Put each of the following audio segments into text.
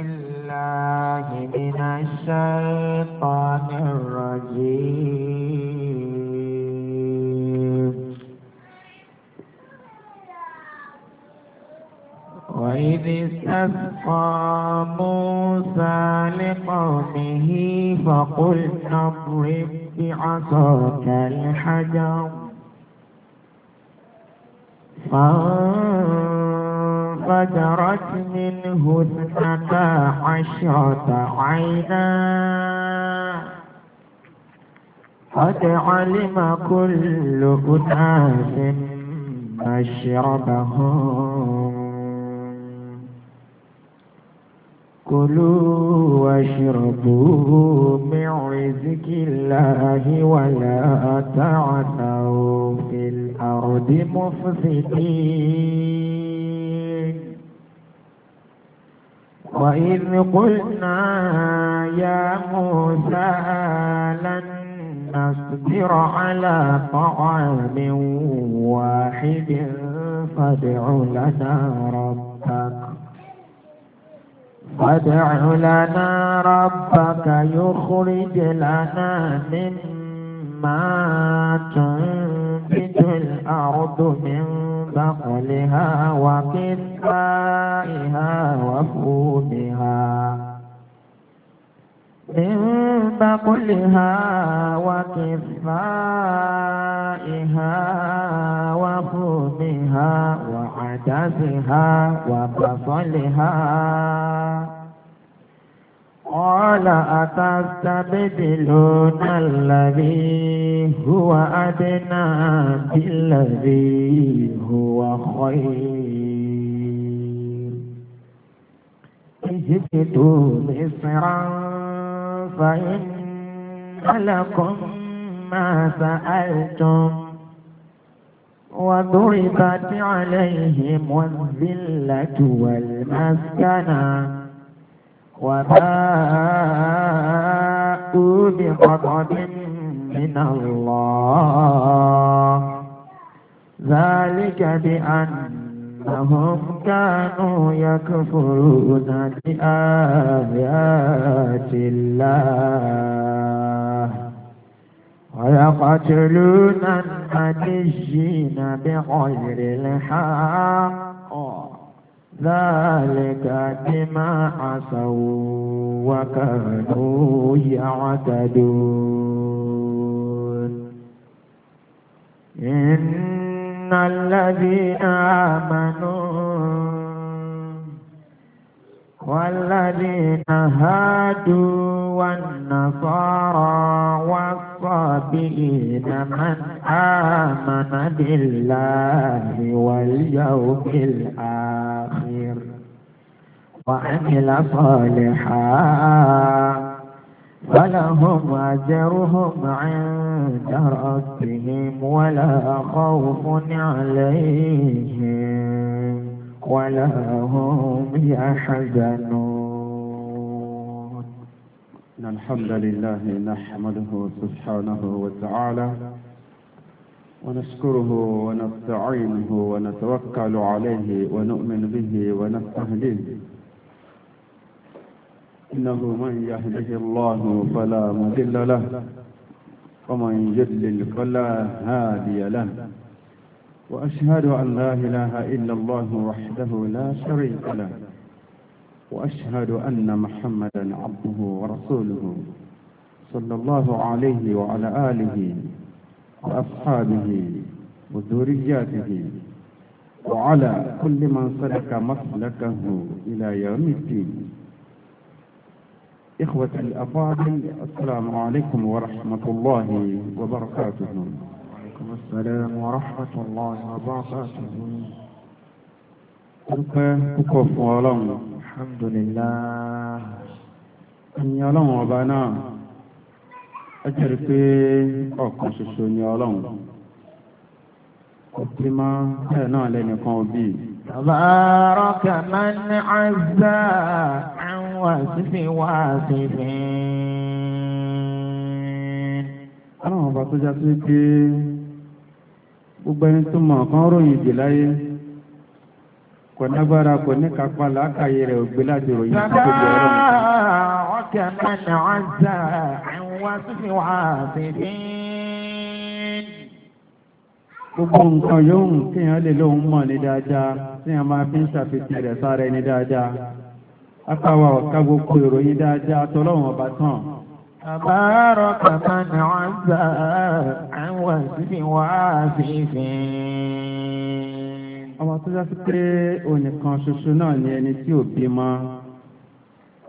الله من الشيطان الرجيم وإذ استسقى موسى لقومه فقل اضرب بعصاك الحجر فانظر فجرت منه اثنتا عشرة عينا قد علم كل أناس مشربهم كلوا واشربوا من رزق الله ولا تعثوا في الأرض مفسدين وإذ قلنا يا موسى لن نصبر على طعام واحد فادع لنا ربك فادع لنا ربك يخرج لنا مما تنبت الأرض من ثقلها وكسائها وفومها من بقلها وكسائها وفومها وعدسها وبصلها قال أتستبدلون الذي هو أدنى بالذي هو خير اهبطوا مصرا فإن لكم ما سألتم وضربت عليهم الذلة والمسكنة وباءوا بغضب من الله ذلك بأنهم كانوا يكفرون بآيات الله ويقتلون النبيين بغير الحق ذلك بما عصوا وكانوا يعتدون إن الذين آمنوا والذين هادوا والنصارى والصالحين الصابرين من آمن بالله واليوم الآخر وعمل صالحا فلهم أجرهم عند ربهم ولا خوف عليهم ولا هم يحزنون إن الحمد لله نحمده سبحانه وتعالى ونشكره ونستعينه ونتوكل عليه ونؤمن به ونستهديه إنه من يهده الله فلا مضل له ومن يضلل فلا هادي له وأشهد أن لا إله إلا الله وحده لا شريك له وأشهد أن محمدا عبده ورسوله صلى الله عليه وعلى آله وأصحابه وذرياته وعلى كل من سلك مسلكه إلى يوم الدين إخوة الأفاضل السلام عليكم ورحمة الله وبركاته وعليكم السلام ورحمة الله وبركاته alhamdulillah ẹ̀yin ọlọ́run ọba náà ẹ jẹ́rìí pé ọ̀kan ṣoṣo ni ọlọ́run kò sí mọ́ bẹ́ẹ̀ náà lẹ́nìkan òbí. تبارك من عزى عن وصف واصفين. ọlọ́run ọba tó já sí pé gbogbo ẹni kò nágbára kò ní kápá làákàyè rẹ̀ ògbé láti ròyìn tó gbogbo ọ̀rọ̀ gbogbo nǹkan yóò ń kéèyàn lè lóun mọ̀ ní dáadáa tí a máa fi ń ṣàfihàn rẹ̀ sára dáadáa. gbogbo ìròyìn dáadáa tọ́lọ́wọ̀n ọba tán. kàmá ni wọ́n ọmọ tó dásí pé onìkan ṣoṣo náà ni ẹni tí ò bímọ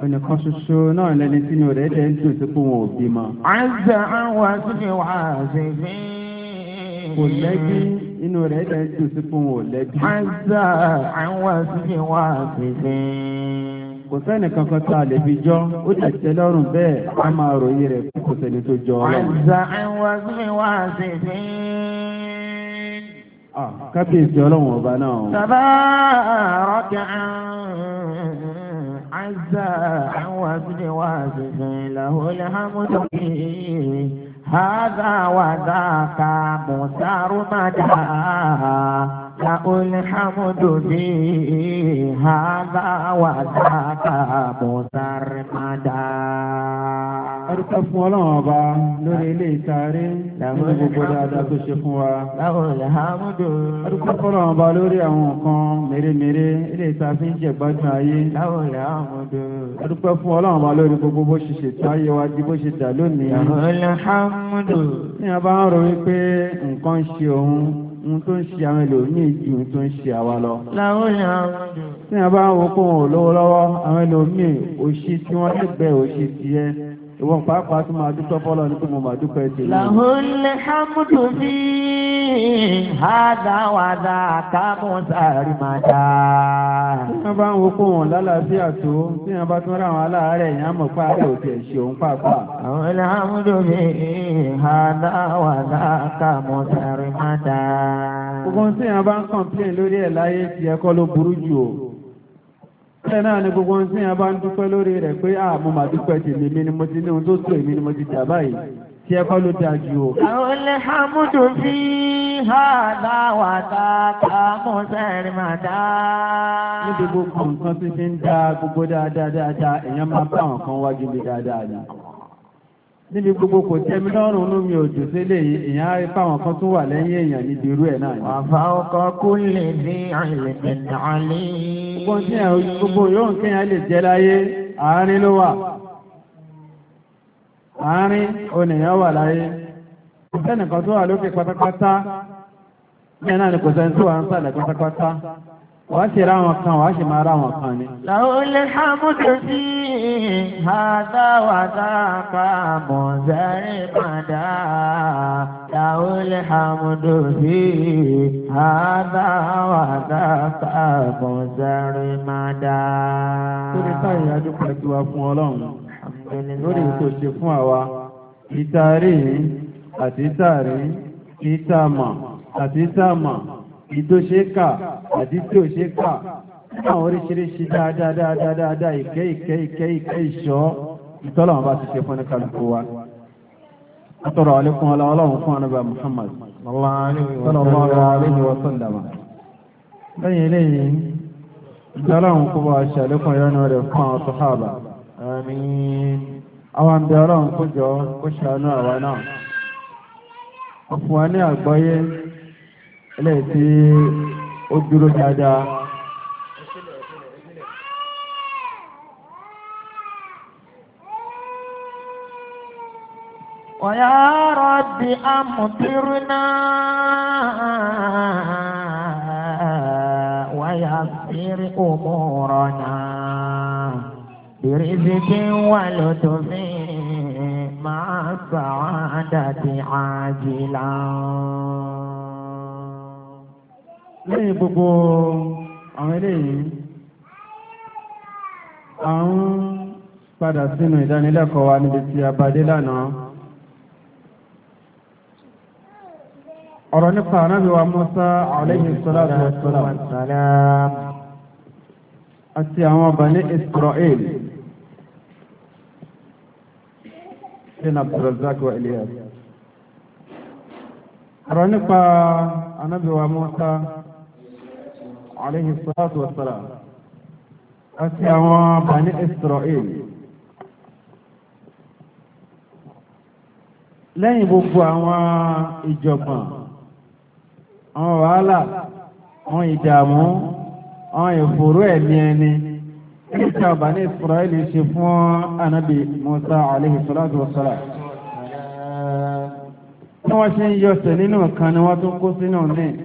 onìkan ṣoṣo náà lẹni tí ní rẹ̀ dẹ̀ ń tún sí pé wọn ò bímọ. àìsàn àwọn àtúnṣe wà á ṣe fi. kò lẹ́bí inú rẹ̀ dẹ̀ ń tún sí pé wọn ò lẹ́bí. àìsàn àwọn àtúnṣe wà á ṣe fi. kò sẹ́ni kankan tá a lè fi jọ́ ó dẹ̀ tẹ́ lọ́rùn bẹ́ẹ̀ a máa ròyìn rẹ̀ kò sẹ́ni tó jọ ọ́ àìsàn àwọn àtúnṣe wà á ṣe fi kábíyèsí ọlọ́run ọba náà. sábà rọ́kì àzà àwọn àbílẹ̀ wa ṣẹ̀ṣẹ̀ ìlàwó lè hámúdọ̀ yìí. هذا وذاك مسار مدى له الحمد به هذا وذاك مسار مدى Adúpẹ́ fún ọlọ́run ọba lórí ilé ìtaari lórí gbogbo dáadáa tó ṣe fún wa. Láwọn ilẹ̀ fún ọlọ́run ọba lórí àwọn nǹkan mèremère ilé ìtaari ń jẹ gbádùn ayé. Láwọn ilẹ̀ fún ọlọ́run ọba lórí gbogbo bó ṣe ṣètò ayé wa di bó ṣe dà lónìí. Láwọn ń rò wípé nǹkan ṣe òun ohun tó ń ṣe àwọn ẹlòmíì ju ohun tó ń ṣe àwa lọ. Láwọn ìyá àwọn jù. Tí a bá ń wo kóhùn lọ́wọ́lọ́wọ́, àwọn ẹlòmíì òṣì tí wọ́n lè bẹ̀ òṣì tiẹ̀ ìwọ̀n pàápàá tó máa dúpẹ́ fọ́lọ́ ní kí mo máa dúpẹ́ tèmi. lahul hamdu fi hada wa dhaka musarimada. tí wọ́n bá ń wo kó wọn lálàáfíà tó tí wọ́n bá tún ra àwọn aláàárẹ̀ yẹn á mọ̀ pé àárẹ̀ ò ṣe òun pàápàá. lahul hamdu fi hada wa dhaka musarimada. gbogbo tí wọ́n bá ń kọ̀ǹpléǹ lórí ẹ̀ láyé tiẹ̀ kọ́ ló burú jù o ẹ náà ni gbogbo ohun tí a bá ń dúpẹ́ lórí rẹ̀ pé à mo máa dúpẹ́ tèmi mi ni mo ti ní ohun tó tó èmi ni mo ti jà báyìí tí ẹ kọ́ ló dáa ju o. àwọn ilé hamudu fi hà láwà tààtà mú níbi gbogbo nǹkan tí fi ń dá gbogbo dáadáa dáadáa èèyàn máa bá àwọn kan wájú bí dáadáa ni níbi gbogbo kò tẹ́mi lọ́rùn inú mi ò jù sílé yìí ìyá fáwọn kan tún wà lẹ́yìn èèyàn níbi irú ẹ̀ náà. àfa ọkọ kú lè ní ìrìnlẹ̀ náà tí ẹ̀ gbogbo yóò ń kéèyàn lè jẹ́ láyé àárín ló wà àárín onìyàn wà láyé ẹnìkan tó wà lókè pátápátá wọ́n ti ra wọn kan wọ́n sì máa ra wọn kan ni. Láwọlé Hamdu sí Hadáwàdá ká Mọ̀zárì Màdá. Láwọlé Hamdu sí Hadáwàdá ká Mọ̀zárì Màdá. Lórí táyì adúpẹ́ tí wá fún Ọlọ́run. Lórí ètò ṣe fún àwa. Ìtàrí àti ìtàrí, ìtàmà àti ìtàmà ìdó ṣe kà àdídó ṣe kà àwọn oríṣiríṣi dáadáa dáadáa ìkẹ́ ìkẹ́ ìkẹ́ ìkẹ́ ìṣọ́ ìtọ́lọ̀wọ́n bá ti ṣe fún ní kálukú wa atọ́rọ̀ alẹ́kùn aláwọ̀lọ́wọ̀n fún anábà Muhammad sallallahu alaihi wa sallam lẹ́yìn lẹ́yìn ìtọ́lọ̀wọ̀n kó bá ṣe alẹ́kùn ìrànà rẹ̀ fún àwọn sọ́hábà àmín àwọn àmì ọlọ́run kó jọ kó ṣàánú àwa náà ọkùnrin ní àgbọ́yé eléyìí tí ó dúró dáadáa. ويا رب أمطرنا ويسر أمورنا برزق ولطف مع السعادة عاجلا lẹ́yìn gbogbo àwọn eléyìí a ń padà sínú ìdánilẹ́kọ̀ọ́ wa níbi tí a bá dé lánàá ọ̀rọ̀ nípa ànábì wa Mùsá alayhi salatu wassalam àti àwọn Bani Israel bin Abdulrazak wa Ilyas ọ̀rọ̀ nípa ànábì wa alayhi salatu wa salam àti àwọn bani Israel lẹ́yìn gbogbo àwọn ìjọ̀gbọ̀n àwọn wàhálà àwọn ìdààmú àwọn ìfòró ẹ̀mí ẹni nígbà bani Israel ṣe fún anabi Musa alayhi salatu wa salam tí wọ́n ṣe ń yọ ọ̀sẹ̀ nínú kan ni wọ́n tún kó sínú ní.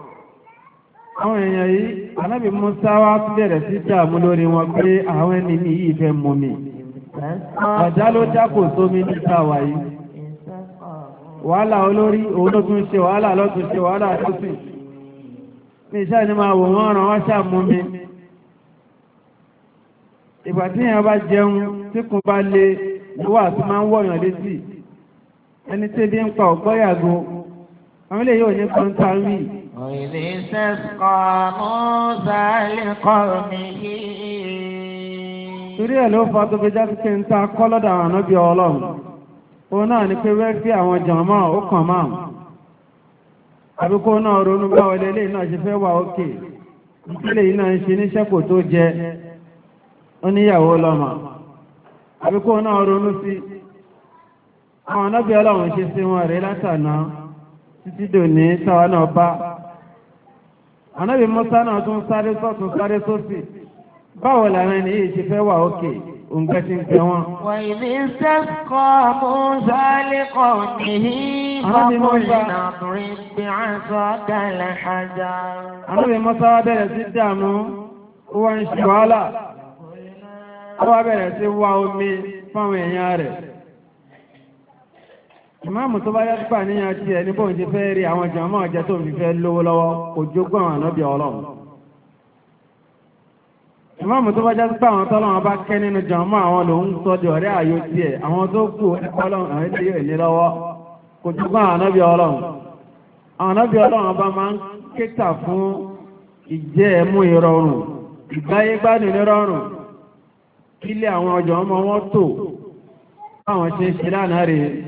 àwọn èèyàn yìí anábì musa wá bẹ̀rẹ̀ sí dààmú lórí wọn pé àwọn ẹni mi yìí fẹ́ mú mi ọ̀dá ló dákò sómi níta wà yìí wàhálà olórí òun ló tún ṣe wàhálà lọ́tún ṣe wàhálà lọ́sìn ní iṣẹ́ ni máa wò wọ́n ràn wọ́n ṣàmú mi ìgbà tí وإذ استسقى موسى لقومه fa tó fi jáde pé ń ta kọ́lọ́dà òun náà ni pé wẹ́ẹ́ àwọn jàmá ó máa àbí kó náà ronú bá wọlé ilé náà ṣe fẹ́ wà òkè ìpínlẹ̀ yìí náà ń ṣe níṣẹ́ kò tó jẹ ó níyàwó lọ́mọ àbí kó náà ronú sí àwọn ànábì ọlọ́run ṣe sí wọn títí ànábì Mùsá náà tún sáré sọ́tún sáré sósì báwo làwọn ẹni yìí ṣe fẹ́ wà òkè òǹkà ti ń pẹ wọn. wà ìdí sẹ́kọ̀ Mùsá lẹ́kọ̀ nìyí kọ́kùnrin náà rí bí aṣọ dálẹ̀ ajá. ànábì Mùsá wá bẹ̀rẹ̀ sí dààmú ó wá ń ṣe wàhálà ó wá bẹ̀rẹ̀ sí wá omi fáwọn èèyàn rẹ̀ ìmáàmù tó bá yàtúpà níyàn tí ẹ ní bóun ti fẹ́ rí àwọn jàmọ́ ọ̀jẹ́ tó ń fi fẹ́ lówó lọ́wọ́ kò jogún àwọn ànábì ọlọ́run ìmáàmù tó bá yàtúpà àwọn tọ́lọ́wọ́n bá kẹ́ nínú jàmọ́ àwọn lòun sọ di ọ̀rẹ́ àyò tiẹ̀ àwọn tó kù ẹ̀kọ́ ọlọ́run àwọn ilé yóò lọ́wọ́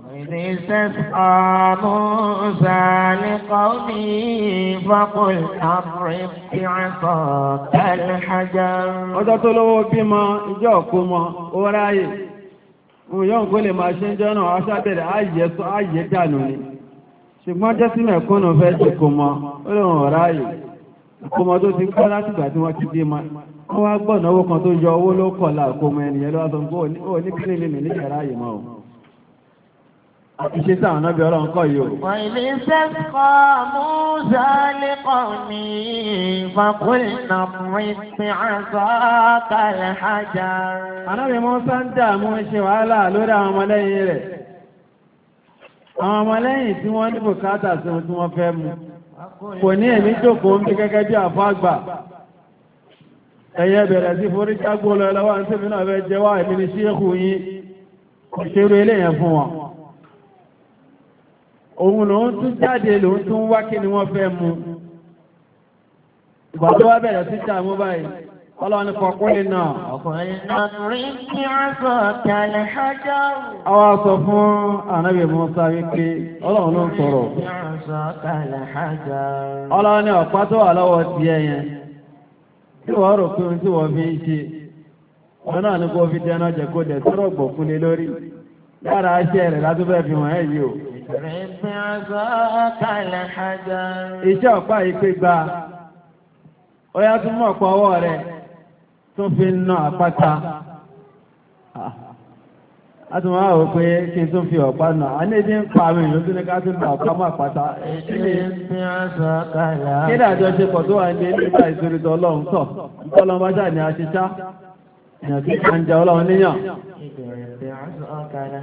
استسقى موسى لقومه فقل أضرب بعصاك الحجر. ọjọ́ tó lówó bímọ ìjọ òkú mọ ó ráyè òun yóò kó lè máa ṣùgbọ́n jẹ́ sí mẹ̀kúnnù fẹ́ ṣe kò mọ ó lóun ò ráyè tó ti kọ́ látìgbà tí wọ́n ti dé ma wọ́n wá gbọ́nà owó kan tó yọ owó ló kọ̀ láàkó mọ ẹnìyẹn lọ́wọ́ sọ ní kílíìnì mi níjàrá ààyè mọ́ o. Iṣẹ́ sáà náà bí ọlọ́run kọ́ yóò. Wọ́n ilé iṣẹ́ kọ́ Mùsà lẹ́kọ̀ọ́ ní ìfàkúlìnà pínpín àṣọ kalẹ̀ ajá. Anábì Mùsá ń dààmú ṣe wàhálà lórí àwọn ọmọlẹ́yìn rẹ̀. Àwọn ọmọlẹ́yìn tí wọ́n ní bùkátà sí ohun tí wọ́n fẹ́ mu. Kò ní èmi jókòó ń bí gẹ́gẹ́ bí àfọ́ àgbà. Ẹ̀yẹ bẹ̀rẹ̀ sí forí jágbó lọ lọ́wọ́ àti sẹ́mi fẹ́ jẹ́wọ́ àìmínísí èkù yín. Kò eléyẹn fún wọn. òun lòun tún jáde elu tún wá ni wọ́n fẹ́ mú ìgbà tó wá bẹ̀rẹ̀ sí sàmú báyìí ọlọ́run ni fọkúnlé náà ọkùnrin náà sọ fún ànábì Mùsá pé ọlọ́run ló ń sọ̀rọ̀ ọlọ́run ni ọ̀pá tó wà lọ́wọ́ ti ẹyẹ tí wọ́n rò pé fi ń ṣe náà ní kó fi Iṣẹ́ ọ̀pá ìpé gba, ọya yá tún mọ̀ pọ̀ ọwọ́ rẹ̀ tún fi ń ná àpáta. A tún máa pé kí tún fi ọ̀pá nà, a ní ìdí ń pa àwọn èèyàn tún ní ká tún ná ọ̀pá mọ́ àpáta. Kí ni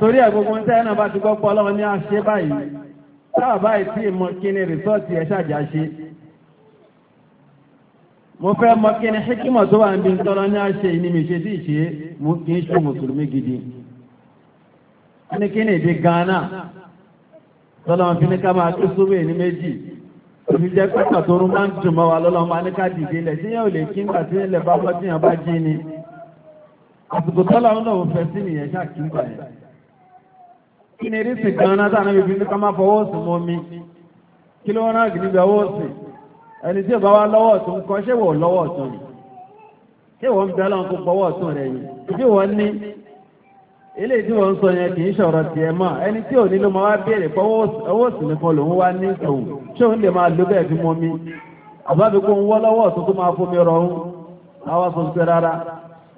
torí ẹ̀ gbogbo tẹ́ náà bá ti gbọ́ pọ́ ọlọ́run ní àṣẹ báyìí táà báyìí tí ìmọ̀ kí ni rìsọ́ọ̀tì ẹ̀ ṣàjà ṣe mo fẹ́ mọ kí ni hikima tó wà ń bí tọ́lọ ní àṣẹ ìní mi ṣe tí ìṣe mú kí ń ṣe mùsùlùmí gidi ní kí ni èdè Ghana tọ́lọ fi ní ká máa tó súnmọ́ ní méjì òfi jẹ́ pẹ́kà tó àsìkò tọ́lá ń lọ́wọ́ fẹ́ sí nìyẹn ṣáà kí n gbà yẹn kí ni rísì kan náà tàà níbi ní ká máa fọwọ́ sí mọ́ mi kí ló rán àgbì níbi ọwọ́ sí ẹni tí ò bá wá lọ́wọ́ ọ̀tún ń kọ́ ṣé wọ́n lọ́wọ́ ọ̀tún ni ṣé wọ́n ń bẹ ọlọ́run kó fọwọ́ ọ̀tún rẹ̀ yìí ṣé wọ́n kó ń wọ́ ọ̀tún tó máa fomi rọrùn àwọn sọ pé rárá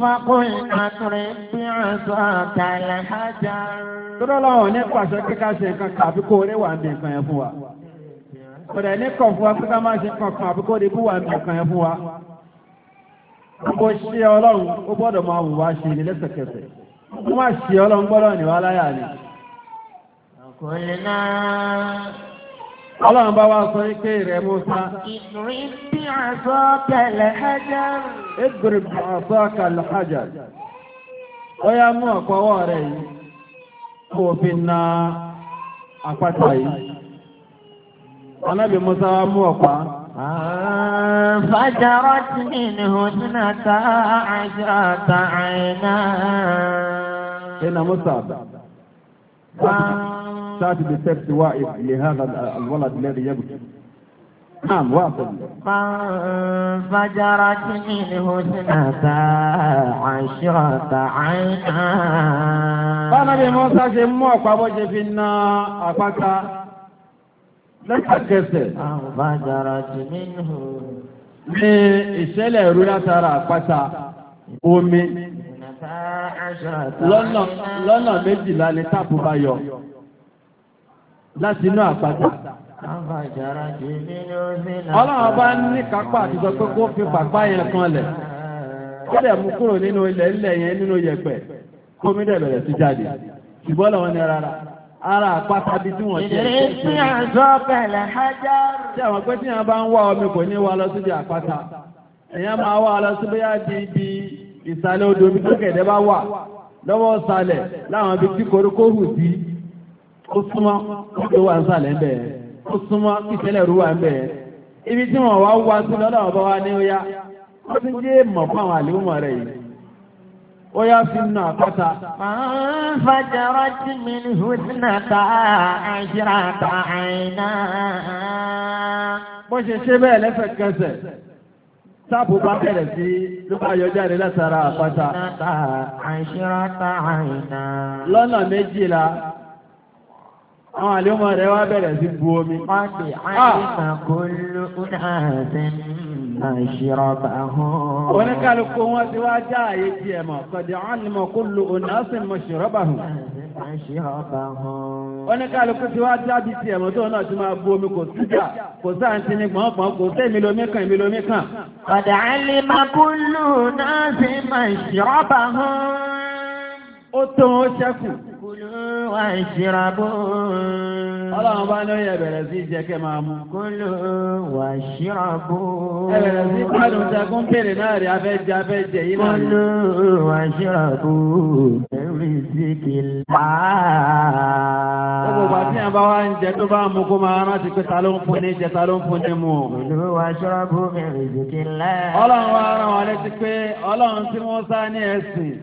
fákún àtúrẹ́ bí àṣọ àkàlẹ̀ hájà. Tọ́lá lọ́wọ́ ní pàṣẹ kíkà ṣe nǹkan àbí kó rí wà ní nǹkan ẹ̀ fún wa. Kọ̀dẹ̀ ní kàn fún wa kíkà máa ṣe kankan àbí kó rí bú wà ní nǹkan ẹ̀ fún wa. Gbogbo ṣe ọlọ́run ó gbọ́dọ̀ máa wù wá ṣe ní lẹ́sẹ̀kẹsẹ̀. Wọ́n máa ṣe ọlọ́run gbọ́dọ̀ ní wá láyà ni. Àkọlẹ́ náà. Ọlọ́run bá wá sọ pé rẹ̀ Mùsá. Ìgbìrì bí kẹlẹ̀ hajar. Ìgbìrì bí kẹlẹ̀ hajar. Ó yá mú ọ̀pọ̀wọ́ rẹ̀ yìí. Kò fi na àpáta yìí. mú ọ̀pá. فجرت منه اثنتا عشرة عينا. هنا مصعب. شات بسبب واحد لهذا الولد الذي يبكي نعم واصل فانفجرت منه اثنتا عشرة عينا فنبي موسى ṣe mú ọ̀pá bó ṣe fi na àpáta lẹ́sẹ̀kẹsẹ̀. فانفجرت منه ní ìṣẹ̀lẹ̀ ìrú látara àpáta omi lọ́nà méjìlá ni táàpù bá yọ. láti inú àpáta. ọlọ́run bá ní kápá àti pé kó fi pàpá kan lẹ̀ kúrò nínú ilẹ̀ ilẹ̀ yẹn nínú yẹ̀pẹ̀ kó mi dẹ̀ bẹ̀rẹ̀ sí jáde ṣùgbọ́n lọ́wọ́ ni rárá ara àpáta bí tí wọ́n ṣe bá ń wá omi kò ní wá lọ sí àpáta èèyàn máa wá lọ ibi ìsàlẹ̀ odò tó ó súnmọ́ ó wà nsàlẹ̀ ń bẹ̀ ó súnmọ́ ìtẹ́lẹ̀ rú wà ń bẹ̀ ibi tí wọ́n wá wá sí lọ́dọ̀ ọba wa ní óyá wọ́n ti jẹ́ mọ̀ fún àwọn àlèhùnmọ̀ rẹ̀ yìí ó yá fi nù àpáta. fàjọrọ tí mi ní húsínà ta àṣírà ta àìná. bó ṣe ṣe bẹ́ẹ̀ lẹ́sẹ̀kẹsẹ̀ táàbù bá bẹ̀rẹ̀ sí ló bá yọ jáde látara àpáta. àṣírà ta àìná. lọ́nà méjìlá Àwọn àlẹ́mọ̀ rẹ̀ wá bẹ̀rẹ̀ sí bu omi. Ọdí àìsàn kò ló dáadé máa ṣírọ̀ bá hàn. Oníkàlùkù wọn ti wá já àyè tí ẹ mọ̀, kọ̀dí àlùmọ̀ kò ló onáṣìn mọ̀ ṣírọ̀ bá hàn. Oníkàlùkù ti wá já bí ti ẹ̀mọ̀ tó náà ti máa bu omi kò síjà, kò sáàntì ní gbọ̀ngbọ̀n kò tẹ́ mi lómi kan mi lómi kan. Ó tó wọn ṣẹ́kù. واشربوا ọlọ́run bá lóyè bẹ̀rẹ̀ sí jẹ́kẹ́ máa mú. kúlù wà ṣírọ̀bù. ẹ bẹ̀rẹ̀ sí pàdùn tẹkún bèrè náà rí afẹ́jẹ afẹ́jẹ yìí náà. kúlù wà ṣírọ̀bù ẹ̀rí sí kìlá. gbogbo àti àbá wa ń jẹ tó bá mú kó máa rántí pé ta ló ń fún ní jẹ ta ló ń fún ní mu. kúlù wà ṣírọ̀bù ẹ̀rí sí kìlá. ọlọ́run wa rán wọn létí pé ọlọ́run tí wọ́n sá ní ẹ̀sìn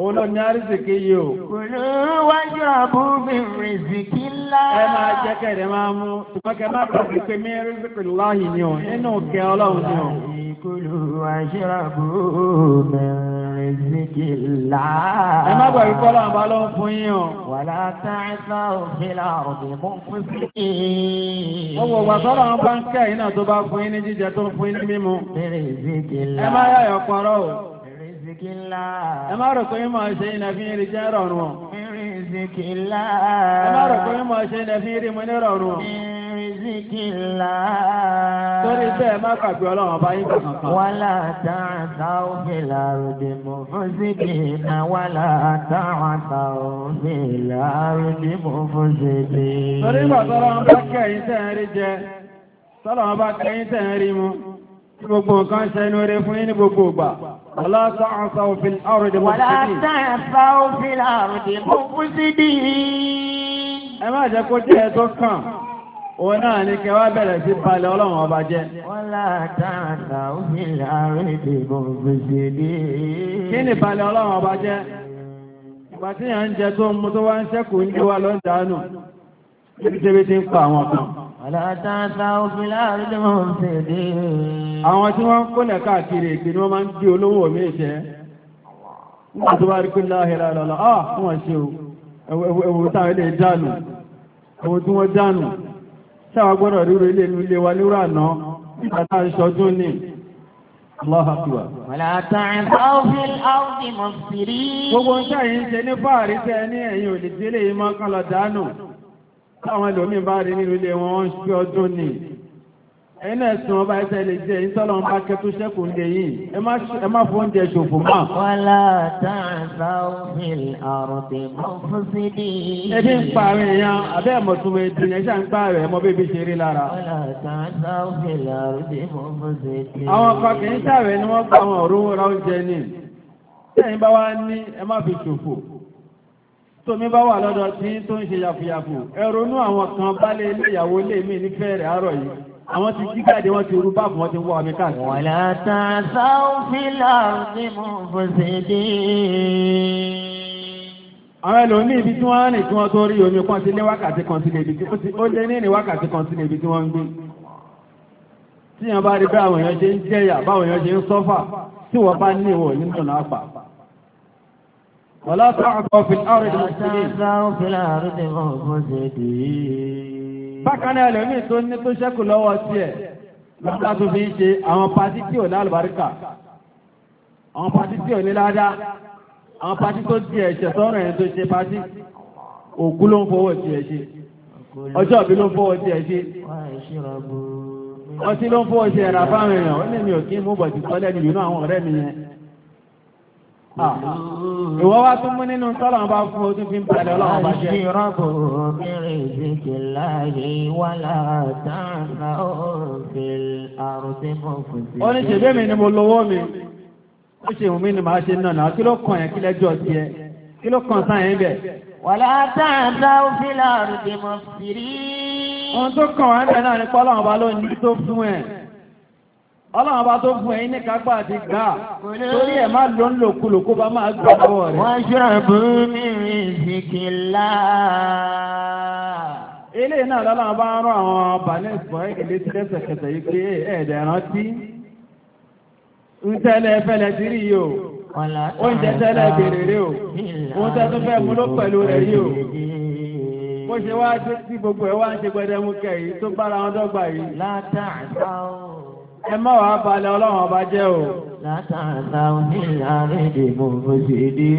òun náà ní àrísìkí yìí o. kùnú wájú àbúrò rìsìkí ńlá. ẹ máa jẹ́ kẹ̀rẹ̀ máa mú ṣùgbọ́n kẹ máa bọ̀ pípé mi rìsìkí láàyè ni o nínú kẹ ọlọ́run ni o. kùnú wájú àbúrò rìsìkí ńlá. ẹ má gbàgbé kọ́ lọ́run ló ń fún yín o. wàlá táìsà òfin làrùn mú fún sí i. ó wò wà sọ́dọ̀ àwọn báńkì náà tó bá fún yín ní jíjẹ tó fún yín ní mímu. rìsìkí ńlá. ẹ má yà rizikila. ẹ má rò pé yín máa ṣe iná fi ń rí jẹ́ rọrùn. mi rizikila. ẹ má rò pé yín máa ṣe iná fi ń rí mu ní rọrùn. mi rizikila. torí bẹ́ẹ̀ má gbàgbé ọlọ́run ọba yín kankan. wàlá táwọn táwọn fìlà ròde mọ fún síkìlá. wàlá táwọn táwọn fìlà ròde torí bàtọ́ ọlọ́run bá kẹ́yìn tẹ̀ ń rí jẹ tọ́lọ́run bá kẹ́yìn tẹ̀ ń rí mu gbogbo nǹkan ṣe inú rẹ fún yín ní gbogbo ìgbà ولا تعثوا في fi مفسدين ولا تعثوا في الأرض مفسدين ẹ má jẹ́ kó jẹ́ ẹ̀tọ́ kàn òun náà ní kí bẹ̀rẹ̀ sí balẹ̀ ọlọ́run ọba jẹ́. kí ni balẹ̀ ọlọ́run ọba jẹ́? ìgbà tí yàn ń jẹ tó ń mu tó wá ń ṣẹ́kù ń jí wa lọ́dàánù. ibi tẹ́bi ti ń pa àwọn kan. Àwọn tí wọ́n kó nẹ̀ká àkiri èdè ni wọ́n máa ń gbé olówó mi jẹ́. Nígbà tó bá rí pé láàrẹ lọ́la, ah, wọ́n ṣe o, ẹwọ táwọn ilé dánù, ẹwọ tí wọ́n dánù. Sáwọn gbọ́dọ̀ ríro ilé inú ilé wa níwúrà náà, nígbà táà táwọn ẹlòmí bá rí nínú ilé wọn ń ṣe ọdún ni ẹ̀yìn ẹ̀sùn ọba ẹ̀sẹ̀ lè jẹ́ ìtọ́lọ̀ ń bá kẹtù ṣẹ́kù ń lè yìí ẹ má fún oúnjẹ ṣòfò mọ́. wọ́lá tààzà òfin àròdè mọ́ ẹbí ń pa àwọn abẹ́ ẹ̀mọ̀túnmọ̀ ètò yẹn ṣáà ń pa rẹ̀ mọ́ ṣe rí lára. àwọn kan kì í ni wọ́n gba àwọn òróró ra oúnjẹ ni. sẹ́yìn bá wá ní ẹ má fi ṣòfò tómi bá wà lọ́dọ̀ tí tó ń ṣe yàfùyàfù ẹ̀rọnú àwọn kan bá lé ilé ìyàwó lè mí ní fẹ́ẹ̀rẹ̀ àárọ̀ yìí àwọn ti jí káàdé wọ́n ti rú báàbù wọ́n ti wọ́ ọmọ káàkiri. wọ́n lọ ní ibi tí wọ́n rìn tí wọ́n tó rí omi kan sí lé wákàtí kan sí lébi tí ó lé ní wákàtí kan sí lébi tí wọ́n ń gbé. tí wọ́n bá rí bí àwọn èèyàn ṣe ń jẹ́yà báwọn èèyàn ṣe ń sọ́fà tí wọ́n bá ní ìwọ̀ nínú náà pàápàá ولا تعثوا في الأرض مفسدين في الأرض مفسدين bákan náà ẹlòmíì tó ní tó ṣẹ́kù lọ́wọ́ sí ẹ̀ lọ́dá tó fi ń ṣe àwọn pàtí tí ò ní àlùbáríkà àwọn pàtí tí ò ní ládá àwọn pàtí tó di ẹ̀ṣẹ̀ sọ́rọ̀ ẹ̀ tó ṣe pàtí òkú ló ń fọwọ́ ti ẹ̀ ṣe ọjọ́ ìbí ló ń fọwọ́ ti ẹ̀ ṣe ọtí ló ń fọwọ́ ṣe ẹ̀rà fáwọn èèyàn ó ní mi ò kí ń mú bọ̀tì sọ́lẹ̀ nìyí náà àwọn ọ̀rẹ́ mi yẹn Ah. Ìwọ́ wá tún mú nínú tọ́lọ̀ bá fún ojú fi ń pẹ̀lẹ̀ ọlọ́run bá jẹ́. Ìrọ́bù obìnrin ìdíje láàyè wà látàrà òfin àrùn tí mo sí. Ó ní ṣègbè mi ni mo lówó mi. Ó ṣe ìwọ̀n mi ni màá ṣe náà náà kí ló kàn yẹn kí lẹ́jọ́ ti ẹ. Kí ló kàn sáà yẹn bẹ̀? Wà látàrà òfin àrùn tí mo sì Ohun tó kàn wá ọlọ́run bá tó fún ẹ̀yin ní kápá àti gbà torí ẹ̀ má ló ń lò kulò kó bá máa gbà lọ́wọ́ rẹ̀. wọ́n ṣọ́ọ̀bù mi rìn síkìlá. ilé náà lọ́lọ́run bá ń rán àwọn balẹ̀ sọ èlé tí lẹ́sẹ̀kẹsẹ̀ yìí pé ẹ̀ẹ́dẹ̀ rántí. ń tẹ́lẹ̀ fẹ́lẹ̀ sí rí yìí o oúnjẹ tẹ́lẹ̀ bèrè rí o oúnjẹ tó fẹ́ mú ló pẹ̀lú rẹ̀ rí o bó ṣe wá sí gbogbo ẹ̀ wá ń ṣe gbẹdẹmukẹ ẹ má wàá balẹ̀ ọlọ́run ọba jẹ́ o. látàlá ní àrídì mo mo sì dé.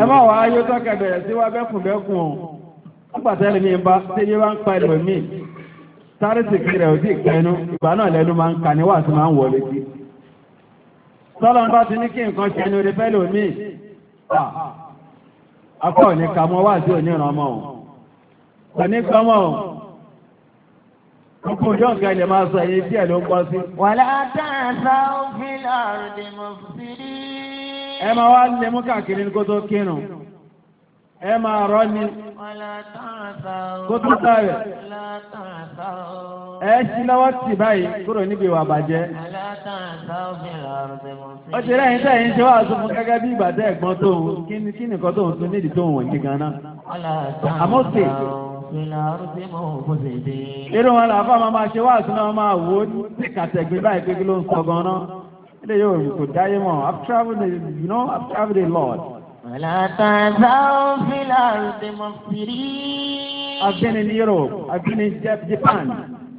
ẹ má wàá yóò tọ́kẹ̀ bẹ̀rẹ̀ sí wá bẹ́kùnbẹ́kùn o. nígbà tẹ́lẹ̀ mi bá tẹ́lẹ̀ bá ń pa ẹlòmíì sáré sì kiri ẹ̀ ò tí ì kẹnu ìgbà náà lẹ́nu máa ń ka ní wàásù máa ń wọlé sí. sọ́lọ́n bá ti ní kí nǹkan ṣe ẹni orí fẹ́lẹ̀ omi afọ́ ò ní ka mọ́ wàásù ò ní ìrànmọ́ ò kò ní kọ́mọ́ ò Gbogbo ìjọ ọ̀gá ilẹ̀ máa sọ ẹ̀yẹ ẹ ló ń gbọ́ sí. Wà látàṣà òfin àrùdì mọ̀fìdí. Ẹ máa wá lè mú káàkiri kó tó kírun. Ẹ máa ni. Kó tó sáré. Ẹ ṣí lọ́wọ́ tì báyìí kúrò níbi ìwà bàjẹ́. Ó ṣe rẹ̀ ń tẹ̀ ń ṣe wá sọ gẹ́gẹ́ bí ìbàdẹ́ ẹ̀gbọ́n tóun. kí nìkan tóun tún nídìí tóun wọ̀nyí gan-an? Àmọ́ sè é. irú wọn làfà máa máa ṣe wá àtúná máa wò ó ní kàtẹ́gbé báyìí pé kí ló ń sọ gan-an ilé yóò kò dáyé mọ́ I've traveled a you know I've traveled a lot. ولا تعثوا في الأرض مفسدين. I've been in Europe, I've been in Japan.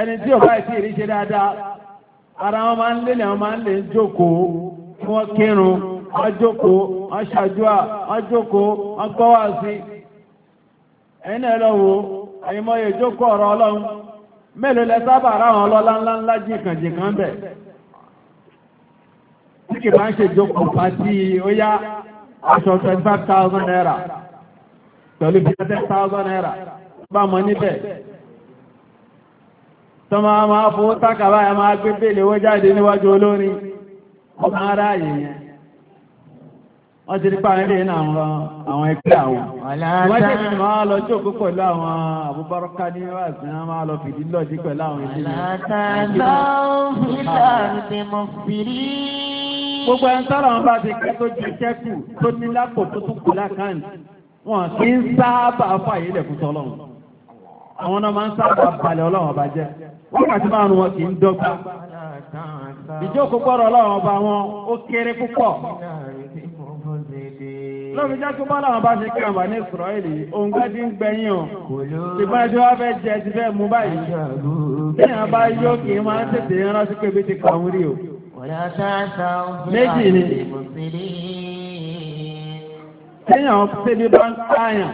ẹni tí ọba ìsì rí ṣe dáadáa ara wọn máa ń lé ní àwọn máa ń lè jókòó kí wọ́n kírun wọ́n jókòó wọ́n ṣàdúrà wọ́n jókòó wọ́n gbọ́wà sí ẹ̀yìn náà lọ wo àyìnmọ́yè jókòó ọ̀rọ̀ ọlọ́run mélòó lẹ sábà ọlọ́lá ńlá tó máa máa fún tákàbá ẹ máa gbé pèlè owó jáde níwájú olórin ọmọ ara èèyàn wọ́n ti rí pa ẹ̀rẹ́ iná àwọn ẹgbẹ́ àwọn wọ́n ṣe fi máa lọ jókòó pẹ̀lú àwọn àbúbárọ́ká ní wàásù náà máa lọ fìdí lọ́ọ̀dí pẹ̀lú àwọn ilé gbogbo ẹni tọ́rọ wọn bá ti sáábà fàyè lẹ̀kùn tọ́lọ́run àwọn náà máa ń sábà balẹ̀ ọlọ́run ọba jẹ́ wákàtí márùn wọn kì í dọ́gba ìjókòó gbọ́dọ̀ ọlọ́run ọba wọn ó kéré púpọ̀ lọ́bi jẹ́ kó bọ́lá wọn bá ṣe kí wọn bá ní ìsúrọ́ìlì ohun gbẹ́ ti ń gbẹ̀yìn o ṣùgbọ́n ẹjọ́ wá fẹ́ jẹ ti fẹ́ mú báyìí bí wọn bá yó kì í máa ń tètè rántí pé ibi ti kàn ń rí o. méjì ni téèyàn tẹ́bi bá ń pààyàn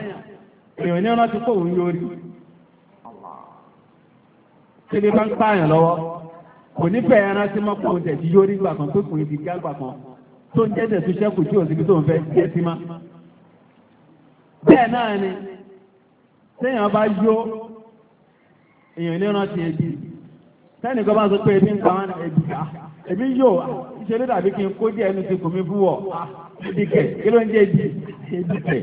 èèyàn ní ọ̀nà tí kò ń yọrí tí ní bá ń pààyàn lọ́wọ́ kò ní fẹ́ ẹran tí mọ́ kó tẹ̀ tí yóò rí gbà kan tó kùn ibi gágbà kan tó ń jẹ́jẹ̀ tó ṣẹ́kù tí ò síbi tó ń fẹ́ jẹ́ sí má. bẹ́ẹ̀ náà ni téèyàn bá yó èèyàn ní rántí ebi tẹ́nìkan bá sọ pé ebi ń pa wọn ebi ká ebi yóò ṣe ló dàbí kí n kó díẹ̀ ẹnu ti kù mí fúwọ̀ ebi kẹ̀ kí ló ń jẹ́ ebi ebi kẹ̀.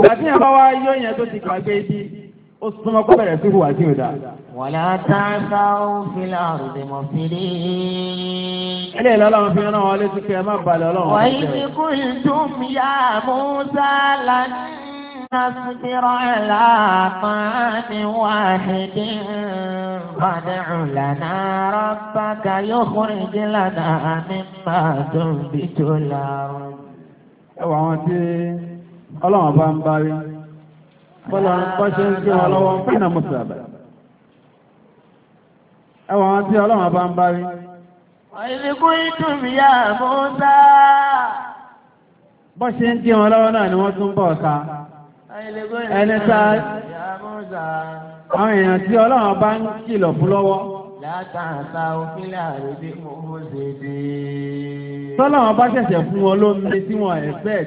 ìgbà tí ó súnmọ́ kó bẹ̀rẹ̀ sí hùwà sí òdà. wàlá táǹkà ó fi láàrú dè mọ́ fìdí. ilé ìlú ọlọ́run fi rán wọn létí pé ẹ má balẹ̀ ọlọ́run. wọ́n yí kú ìtum ya musa lánàá. نصبر على طعام واحد فادع لنا ربك يخرج لنا مما تنبت الأرض. ẹwà àwọn tí ọlọ́run bá ń bá rí bọ́lá pọ́ṣẹ́ ń gbé wa lọ́wọ́ fẹ́nà mùsùlùmí ẹwà wọn tí ọlọ́run bá ń bá rí. ìsìnkú ìtùmí yà mọ́sá. bọ́ṣẹ́ ń gbé wọn lọ́wọ́ náà bá ṣẹ̀ṣẹ̀ fún wọn tí wọ́n ẹ̀fẹ́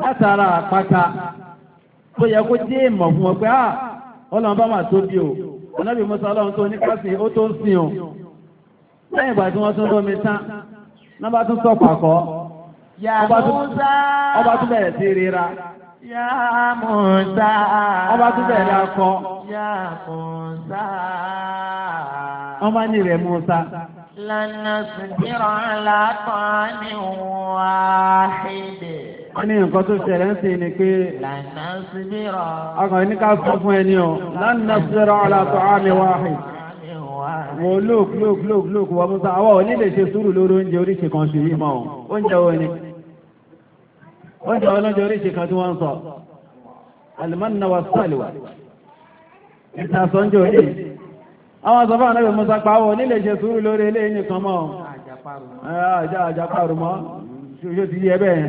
látara àpáta tó yẹ kó jẹ́ ìmọ̀ fún wọn pé ah ọlọ́run bá máa o ọlọ́bì musa ọlọ́run tó nípasẹ̀ ó tó ń sin o lẹ́yìn ìgbà tí wọ́n tún lómi tán náà tún sọ pàkọ́ ọba tún bẹ̀rẹ̀ sí rira ọba tún bẹ̀rẹ̀ akọ ọba ní rẹ̀ musa. Lánàá sùn kírọ̀ ńlá kan ní wàhídè wọ́n ní nǹkan tó ṣẹlẹ̀ ń sìn ni pé ọkàn ní ká sọ fún ẹni o lánàá sọ̀rọ̀ aláàtọ̀ àmì wáhì wo lóòkù lóòkù lóòkù lóòkù wọ́n mọ́sá àwọ̀ ò ní lè ṣe sùúrù lórí oúnjẹ oríṣi kan sí yìí mọ́ oúnjẹ wo ni oúnjẹ olóúnjẹ oríṣi kan tí wọ́n ń sọ alimanna wa saliwa ìtàsọ́njẹ́ òní àwọn sọfà anábì musa pàwọ̀ nílé ṣe sùúrù lórí ilé nìkan mọ́ àjàpàrù mọ́ ṣe ti yẹ bẹ́ẹ̀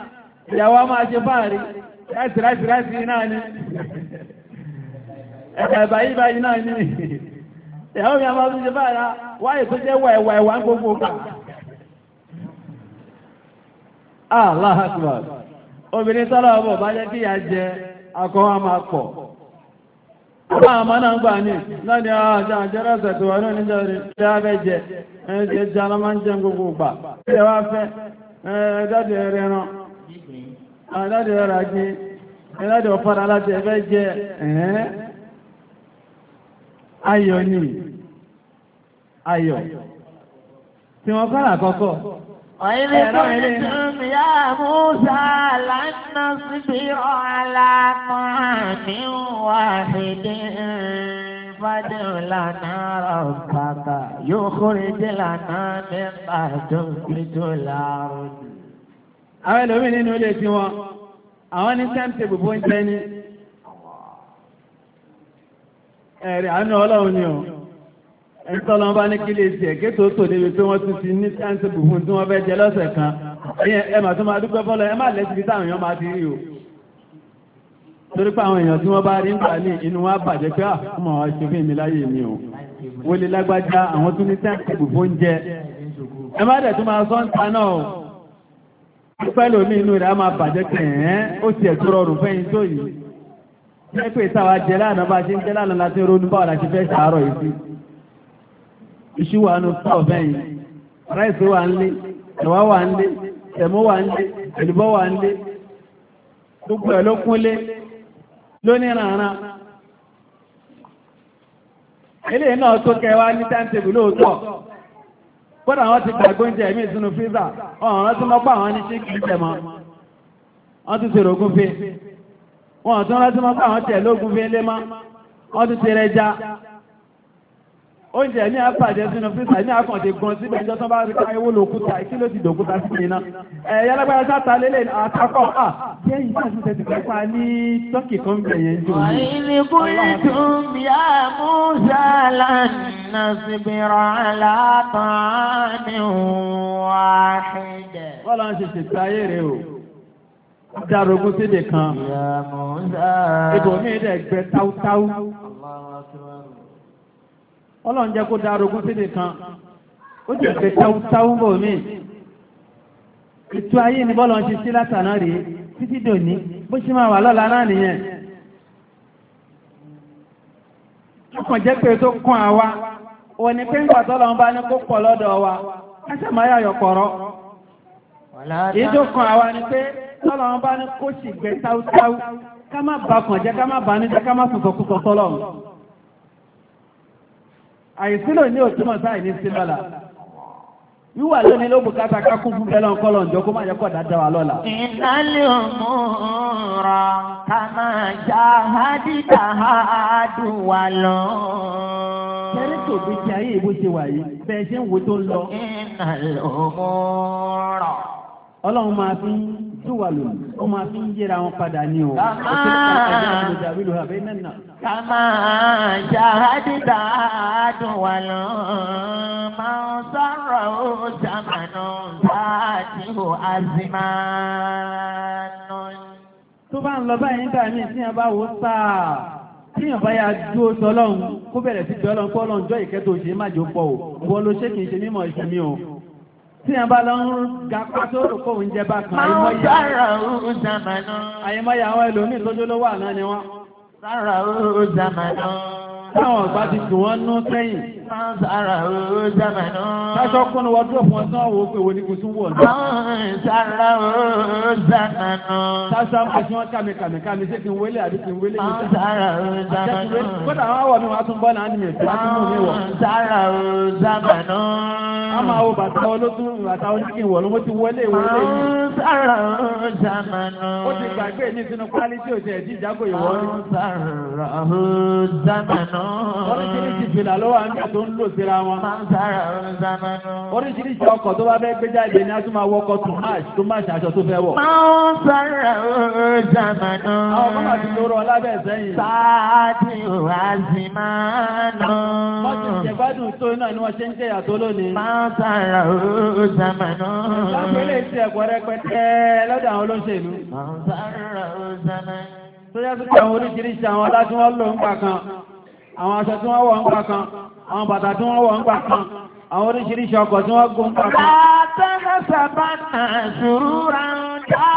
ìyàwó a máa ṣe báàrí láti láti láti náà ni ni mi a máa ṣe báàrá wáyé tó jẹ́ wẹ̀wẹ̀ wà ń gbogbo obìnrin tọ́lọ̀ ọmọ bá jẹ́ kí ìyà jẹ akọwà máa pọ̀ náà gbà ní ah, aláàdì rárá jí aláàdì ọ̀fára láti ẹgbẹ́ jẹ ẹ̀hẹ́n ayọ̀ ni ayọ̀ tí wọ́n kọ́nà àkọ́kọ́ وإذ قلتم يا موسى لن نصبر على طعام واحد فادع لنا ربك يخرج لنا àwọn ẹlòmí nínú ilé tí wọn àwọn ní tẹ́ǹtì gbogbo ń tẹ́ ní ẹ̀rì àánú ọlọ́run ni ọ̀ ẹ̀ntọ́lọ́n bá ní kí lè ṣe ẹ̀kẹ́ tó tò débi pé wọ́n tún ti ní tẹ́ǹtì gbogbo tí wọ́n fẹ́ jẹ lọ́sẹ̀ kan ẹ mà tó máa dúpẹ́ fọ́lọ́ ẹ má lẹ́sí bí táwọn èèyàn máa ti rí o torí pé àwọn èèyàn tí wọ́n bá rí nígbà ní inú wa bàjẹ́ pé àmọ́ ah, pẹ́lú omi inú rẹ̀ a máa bàjẹ́ kẹ̀ẹ́n ó ti ẹ̀ tó rọrùn fẹ́yìn tó yìí jẹ́ pé ìtawà jẹ́ lánàá bá ṣe ń jẹ́ lánàá láti ronú báwọn láti fẹ́ sàárọ̀ ìsí ìṣíwà nù pọ̀ fẹ́yìn ráìsì wà ń lé ẹ̀wà wà ń lé tẹ̀mú wà ń lé èlùbọ́ wà ń lé gbogbo ẹ̀ ló kúnlé lónírànà ilé náà tó kẹwàá ní táǹtẹ̀bù lóòótọ́ kódà wọn ti gbàgbé oúnjẹ ẹ̀mí ìsinú fíìsà ọ̀rọ̀ tí wọ́n pa àwọn wọ́n ti tèrè ogun fi wọ́n tí wọ́n oúnjẹ ní àpàdé sínú fíìsà ní àkànṣe gan síbẹ̀ ìjọ tán bá rí káyé wó lòkúta kí ló ti dòkúta sí iná ẹ̀yà lágbára sáta lélẹ̀ àtakọ̀ à jẹ́ ìgbà tí tẹ̀sí pípa ní tọ́kì kan bẹ̀ yẹn jù. ìlú kúlẹ̀ tún yá musa lánàá síbìrọ̀ látàánì wáhídẹ̀. wọ́n lọ ń ṣe ṣètò ayé rẹ̀ gbẹ táútáú ọlọ́run jẹ́ kó darogún síbi kan ó ti pè táwútáwú bò mí ètò ayé ni bọ́ọ̀lù ń ṣe sí látàná rèé títí dòní bó ṣe máa wà lọ́la náà nìyẹn ọkàn jẹ́ pé tó kún àwa òun ni pé ń pàtọ́lọ́ ń bá ní kó pọ̀ lọ́dọ̀ wa ká ṣe máa yàyọ̀ pọ̀rọ̀ èyí tó kún àwa ni pé tọ́lọ́ ń bá ní kó ṣì gbẹ táwútáwú ká má bàkàn jẹ́ ká má bànújẹ́ ká má sọ̀tọ̀kùsọ̀ tọ́lọ́run àìsílò ní òtúmọ̀ sáà ní símbala wíwà lónìí ló bùkátà kákún fún bẹ́lọ̀ kọ́lọ̀ ǹjọ́ kó má jẹ́ kó dáadáa wà lọ́la. ìnálẹ̀ òmùrọ̀ ká máa já hádìtà àádùn wà lọ. kẹ́rí tó bí ti ayé ìbò ṣe wà yìí bẹ́ẹ̀ ṣe ń wo tó ń lọ. ìnálẹ̀ òmùrọ̀. ọlọ́run máa fi ń túwàlù ó máa fi ń yíra wọn padà ní o. kàmá jahadida adùnwàlù máa ń sọ̀rọ̀ ó sàmànù láti hù azimá tó bá ń lọ báyìí nígbà míì tí yẹn bá wò sáà tí yẹn bá yà dúró sọlọ́run kó bẹ̀rẹ̀ sí jọlọ́run kọ́ lọ́njọ́ ìkẹ́tọ̀ òṣèré má pọ̀ o wọ́n ló ṣé kìí ṣe mímọ̀ ìṣẹ́mi o tí a bá lọ ń gapá tó rò kó oúnjẹ bá kan àyèmọ́yà sára ó zàmánà àyèmọ́yà àwọn ẹlòmíì lójó ló wà náà ni wọ́n sára ó zàmánà táwọn ọ̀gbá ti dùn wọ́n nú sẹ́yìn sára ó zàmánà sáṣọ́ kúnnú wọ́n dúró fún ọtán òwò pé wo ni kò tún wọ̀ ní. sára ó zàmánà sáṣọ́ àti wọn kàmì kàmì kàmì ṣé kí n wélé àbí kí n wélé yìí sára ó zàmánà kódà wọn wọ̀ mi wọn á tún bọ́ náà ní mi a máa wo bàtà olótún bàtà oníkì wọ̀ lówó ti wọlé wọlé yìí. sára zamanu. ó ti gbàgbé ní sínú pálí tí ò tẹ̀ ẹ̀dí sára zamanu. oríṣiríṣi fìlà ló wà tó ń lò síra wọn. sára zamanu. oríṣiríṣi ọkọ̀ tó bá fẹ́ gbé jáde ní a tún tó máṣ tó máṣ aṣọ tó fẹ́ wọ̀. sára zamanu. àwọn tààrà ó sàmánú. lápẹ́lẹ́ ti ẹ̀kọ́ rẹpẹtẹ lọ́dọ̀ àwọn olóṣèlú. àwọn tààrà ó sàmánú. tó yẹ àwọn oríṣiríṣi àwọn ọlá tí wọ́n lò ń gbà kan àwọn aṣọ tí wọ́n wọ̀ ń gbà kan àwọn bàtà tí wọ́n wọ̀ ń gbà kan àwọn oríṣiríṣi ọkọ̀ tí wọ́n gún pàtó. látẹ́lẹ̀ sábà náà ṣùrù ráńdá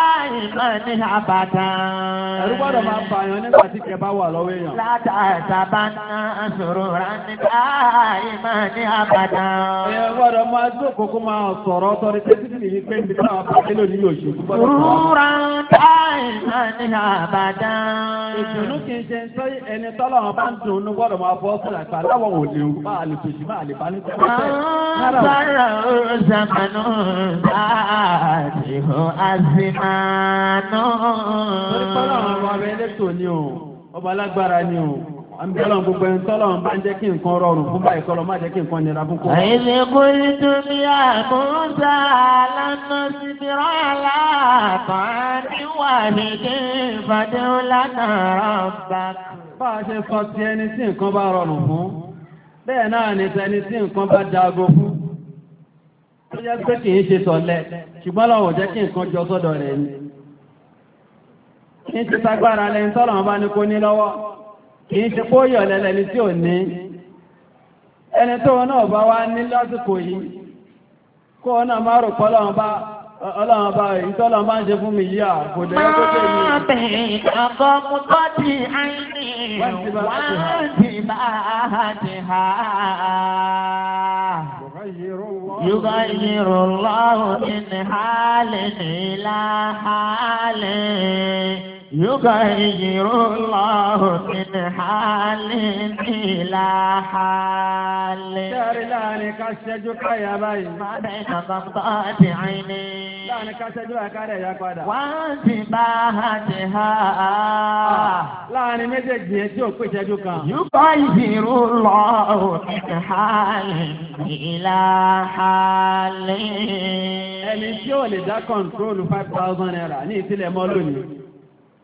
ìmọ̀ ní àbàdàn. ẹ̀rú gbọ́dọ̀ máa ń pààyàn nígbà tí kẹ bá wà lọ́wọ́ èèyàn. látẹ́lẹ̀ sábà náà ṣùrù ráńdá ìmọ̀ ní àbàdàn. ẹ gbọ́dọ̀ máa tó kókó máa sọ̀rọ̀ sọ̀rọ̀ pé títí nìyí pé níbi táwọn pàdé lónìí yóò ṣe. ṣùrù ráńdá ìmọ̀ ní àbàdàn. ìdùnnú kì í ṣe ẹni tọ́lọ́ bára ó sàmánú àdìhò àzìmánú. torí ọba alágbára ni o àmìtọ́lọ̀ gbogbo ẹni tọ́lọ̀ bá ń jẹ́ kí nǹkan rọrùn fún báyìí kọ́lọ̀ má jẹ́ kí nǹkan nira fún kọ́. àìlè kò ní tóbi àkóńtà lánà síbírà aláàbáníwà ní kí ìfàdé ó lánàá rọ̀ bá. bá a ṣe sọ ti ẹni tí nǹkan bá rọrùn fún. bẹ́ẹ̀ náà ni tẹni tí nǹkan bá dáago fún ó jẹ́ pé kìí ṣe sọ̀lẹ̀ ṣùgbọ́n lọ́wọ́ jẹ́ kí nǹkan jọ sọ́dọ̀ rẹ̀ ni kìí ṣe sagbára lẹ́yìn tọ́lọ̀ bá ní kó ní lọ́wọ́ kìí ṣe kó yọ̀ lẹ́lẹ́ni tí ò ní ẹni tó náà bá wá ní lásìkò yìí kó náà má rò pọ́lọ́wọ́ bá Ọlọ́run bá ìtọ́lọ́run bá ń ṣe fún mi yíà kò lè lọ́rùn ní hálẹ̀ ní láhálẹ̀. يغير الله من حال إلى حال دار لانك الشجك يا بي ما بين ضغطات عيني لانك الشجك يا قدا وانتباهتها láàrin méjèèjì ẹ tí ò pé ìṣẹ́jú kan. yúkọ́ ìṣirò lọ òkè hàlẹ̀ ìlà hàlẹ̀. ẹni tí ò lè dá kọ́ńtrólù five thousand naira ní ìtìlẹ̀ mọ́ lónìí.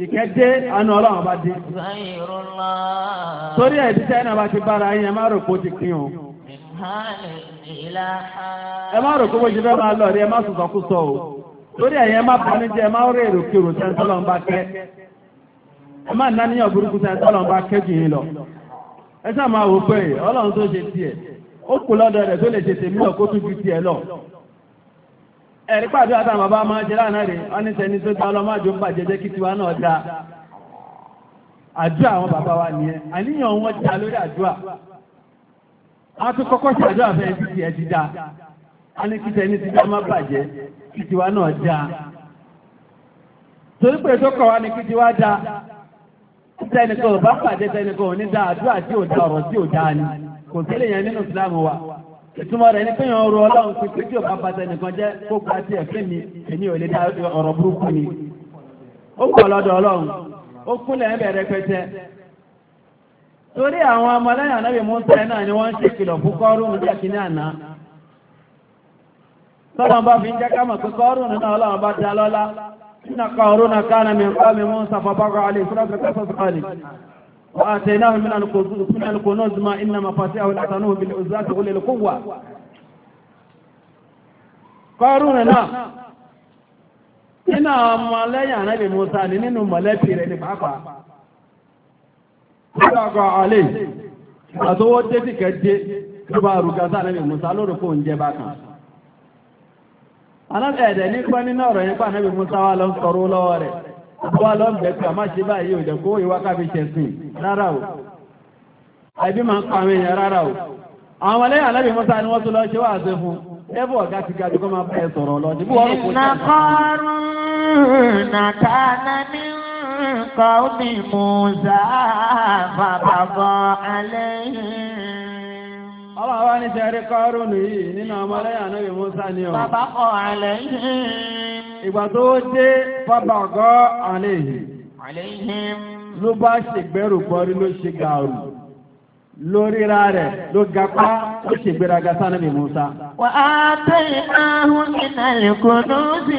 ìkẹ́ dé àánú ọlọ́run bá dé. torí ẹ̀dí náà bá ti bára yín ẹ má rò kó ẹ má rò kó bó ṣe lọ rí ẹ má sọ o. torí ẹ̀yẹ má jẹ ẹ má rí èrò kí òrùn ẹ má burúkú sẹ́ńtọ́ lọ́n bá kẹ́ jù yín lọ. ẹ wò pé ọlọ́run tó ṣe tiẹ̀ ó lọ́dọ̀ rẹ̀ tó lè ṣe tèmi lọ kó tún ju tiẹ̀ lọ. ẹ̀rí pàdé àtàwọn bàbá máa jẹ́ láàrín rẹ̀ wọ́n ní sẹni tó dá ọlọ́mọ àjò ń bà jẹ́jẹ́ kí tiwa náà dáa àdúrà àwọn bàbá wa nìyẹn àníyàn wọn dá lórí àdúrà a tún kọ́kọ́ sí àdúrà fẹ́ ẹbí ti ẹ̀dí dáa a ní kí sẹni ti dá má bàjẹ́ kí tiwa náà dáa torí pé tó kọ̀ wá ní kí tiwa dáa tẹnikọ́ bá pàdé tẹnikọ́ ní dáa àdúrà tí ò dá dáa ni kò sílẹ̀ yẹn ìtumọ̀ rẹ̀ ní pé yàn ọrọ̀ ọlọ́run ti pé tí ò bá bàtà nìkan jẹ́ kó gba sí ẹ̀fẹ́ mi èmi ò lè dá ọ̀rọ̀ burúkú ni ó kọ̀ lọ́dọ̀ ọlọ́run ó kúnlẹ̀ ń bẹ̀rẹ̀ pẹ́tẹ́ torí àwọn ọmọlẹ́yìn anábì Mùsá náà ni wọ́n ń ṣe kìlọ̀ fún kọ́rùn-ún jẹ́ kí ní àná tọ́lọ́n bá fi ń jẹ́ ká mọ̀ pé kọ́rùn-ún náà ọlọ́run bá ti alọ́lá nínú kọ́rùn-ún náà ká وآتيناه من من الكنوز ما إن مفاتيحه لتنوه بالعزاة أولي القوة قارون náà nínú àwọn ọmọ lẹ́yìn ànábì Musa ní nínú mọ̀lẹ́bí rẹ̀ ní pàápàá ọlọ́gọ́ alẹ́ àtọwọ́ dédì kẹjẹ tó bá rúgásá ànábì Musa lórúkọ oúnjẹ bá kan anábẹ̀ẹ̀dẹ̀ nípa nínú ọ̀rọ̀ yẹn pàánábì Musa wà lọ sọ̀rọ̀ lọ́wọ́ rẹ̀ ọwọ́ alọ́bẹ̀ pé a máa ṣe báyìí òjò kó ìwá káfí ṣẹ̀sìn rárá o àìbí máa ń pa àwọn èèyàn rárá o àwọn ọlẹ́yìn alábì mọ́ta ni wọ́n tó lọ ṣe wá àṣẹ fún ẹbọ̀ ọ̀gá ti ga jùkọ́ máa bẹ́ẹ̀ sọ̀rọ̀ lọ dìbò ọlọ́run wá ní sẹ́rí kọ́rùn-ún yìí nínú ọmọ lẹ́yìn ànábì Musa ni ọ. bàbá kọ àlẹ́ yìí. ìgbà tó dé bàbá ọgọ́ àlẹ́ yìí. àlẹ́ yìí. ló bá ṣègbẹ́rù bọ́rí ló ṣe gàrú lóríra rẹ̀ ló gapá ó ṣègbéraga sánàbì Musa. wà á tẹ ìhàhùn ìnàlẹ̀kùn lóòsì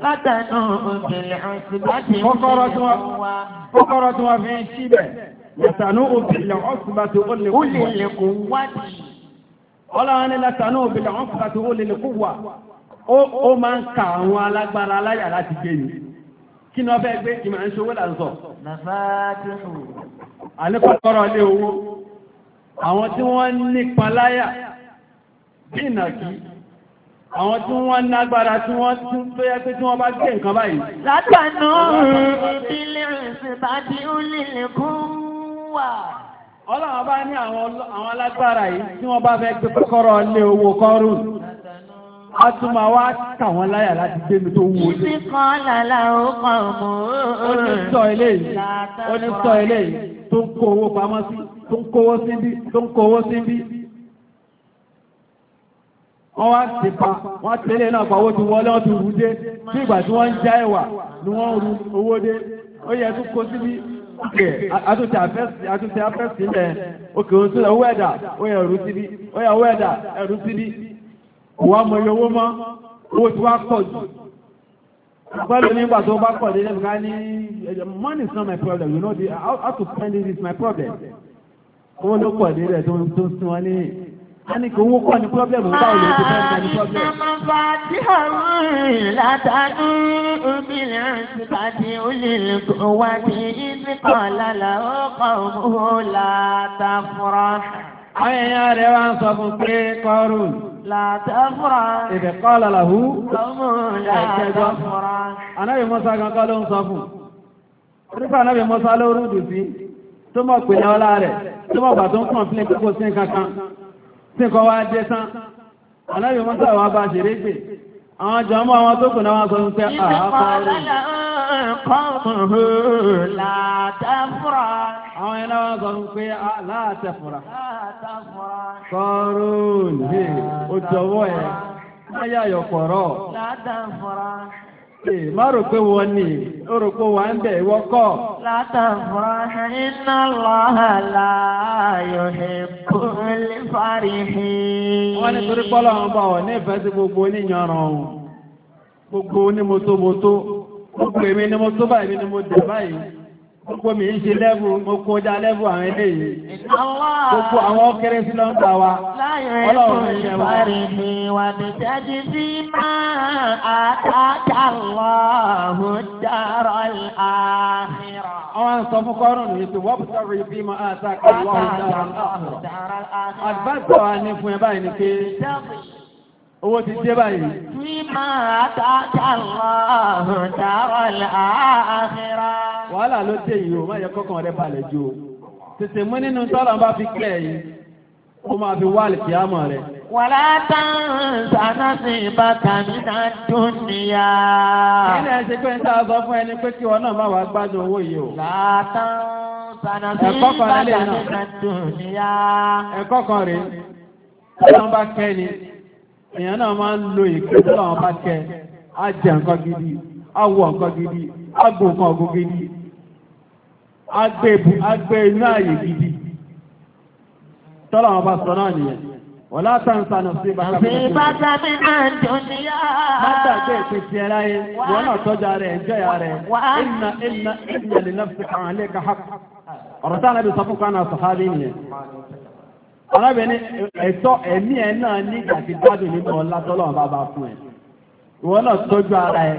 Látànú òbìlẹ̀ ọ̀sùnbàtì ń wá. Kọ́kọ́rọ́ tí wọ́n fi ń síbẹ̀. Látànú òbìlẹ̀ ọ̀sùnbàtì ó lè kó wádìí. Ọlọ́run ní látànú òbìlẹ̀ ọ̀sùnbàtì ó lè kó wà. Ó máa ń ka àwọn alágbára aláyà láti gbé ni. Kí ni wọ́n fẹ́ gbé ìmọ̀ ń ṣowó là ń sọ? Àní kọ́kọ́rọ́ ilé owó. Àwọn tí wọ́n nípa láyà bí àwọn tí wọ́n lágbára tí wọ́n tún tó yẹ pé tí wọ́n bá gbé nǹkan báyìí. látànà ilé ìsìnbádí ó lè wà. ọlọ́wọ́ bá ní àwọn alágbára yìí tí wọ́n bá fẹ́ pé kọ́kọ́rọ́ lé owó kọ́rùn tó ń kó sí tó wọ́n wá ti pa wọ́n tẹ́lẹ̀ náà pàwọ́ ti wọlé wọ́n ti rú dé bí ìgbà tí wọ́n ń já ẹ̀wà ni wọ́n rú owó dé ó yẹ tó kó síbi òkè àtúntì afẹ́sì ilẹ̀ òkè òsì owó ẹ̀dà ó yẹ rú síbi ó yẹ owó ẹ̀dà ẹ̀rú síbi kò wá mọ iye owó mọ́ owó tí wá pọ̀ jù pẹ̀lú nígbà tó bá pọ̀ dédé ká ní eh, money is not my problem you know the, how, to spend it is my problem owó ló pọ̀ dédé tó ń sún wọn ní a ní kí kọ́ ní pọ́blẹ́mù báwo lè ti ní pọ́blẹ́mù. àmàfà rẹ̀ wá ń sọ fún pé kọ́rù. látàfúrọ̀. ìdẹ̀kọ́ làlàhú. lọ́mú látàfúrọ̀. anábì Mùsá kan kọ́ ló ń sọ fún. orípa anábì Mùsá ló rúdù sí tó mọ̀ pè ní ọlá rẹ̀ tó mọ̀ bà tó ń kàn tí kọ wá jẹ́ tán aláyò mọ́ sáà wọ́n bá ṣe rí pé àwọn jọ mọ́ àwọn tó kù náà wọ́n sọ ń pẹ́ àwọn ẹ̀nà wọ́n sọ ń pé látẹ̀fùra kọrùn-ún ó jọwọ́ ẹ̀ láyàyọ̀ pọ̀rọ̀ má rò pé wọ́n ní ó rò pé wọ́n ń bẹ̀ ìwọ́ kọ́. látàfà iná lọ́hàlà yòóhè kúlì fàríhì. wọ́n ní torí pọ́lọ́ gbogbo oníyanràn ọ̀hún gbogbo ni Gbogbo mi ń ṣe lẹ́bù, mo kó lẹ́bù àwọn ilé Gbogbo àwọn kéré sí lọ́gbà wa. Ọlọ́run ṣe wá. Láyé ẹ̀kọ́ wà ní tẹ́jú sí máa àtàkà lọ́hùn dárọ̀ àhìrọ̀. Àwọn sọ fún kọ́rùn ní pé wọ́n sọ̀rọ̀ ibi máa àtàkà lọ́hùn dárọ̀ àhìrọ̀. Àdìbàtà wa ní fún ẹ báyìí ni pé owó ti dé báyìí. Bí àtàkà lọ́hùn dárọ̀ àhìrọ̀ wàhálà ló dé yìí o má yẹ kọ́kàn rẹ balẹ̀ jù o tètè mú nínú tọ́lọ̀ bá fi kílẹ̀ yìí ó máa fi wá àlìkí àmọ̀ rẹ̀. wàlá tán sànásì bàtà nínú dúnìyà. ilé ẹsẹ pé ń sáà sọ fún ẹni pé kí wọn náà má wàá gbádùn owó yìí o. làtàn sànásì bàtà nínú dúnìyà. ẹ̀kọ́ kan rèé tọ́lọ́ bá kẹ́ ni èèyàn náà máa ń lo ìpè tọ́lọ́ bá kẹ́ á jẹ nǹkan gidi á wọ nǹkan gidi á gùn nǹkan gidi agbẹ́ inú ààyè gidi tọ́lọ̀ ọba sọ náà nìyẹn wọ́n látàn sànà sí bàtà mi náà dúníyà látàgbé ìpèsè ẹláyé wọ́n náà tọ́jà rẹ̀ jẹ́yà rẹ̀ inna inna inna lè náà fi kàn án lè ka hàk ọ̀rọ̀ táwọn ẹbí arábìnrin ẹ̀tọ́ ẹ̀mí ẹ̀ náà ní ìgbà gbádùn nínú ọlá tọ́lọ̀ ọba fún ẹ̀ wọ́n náà tọ́jú ara ẹ̀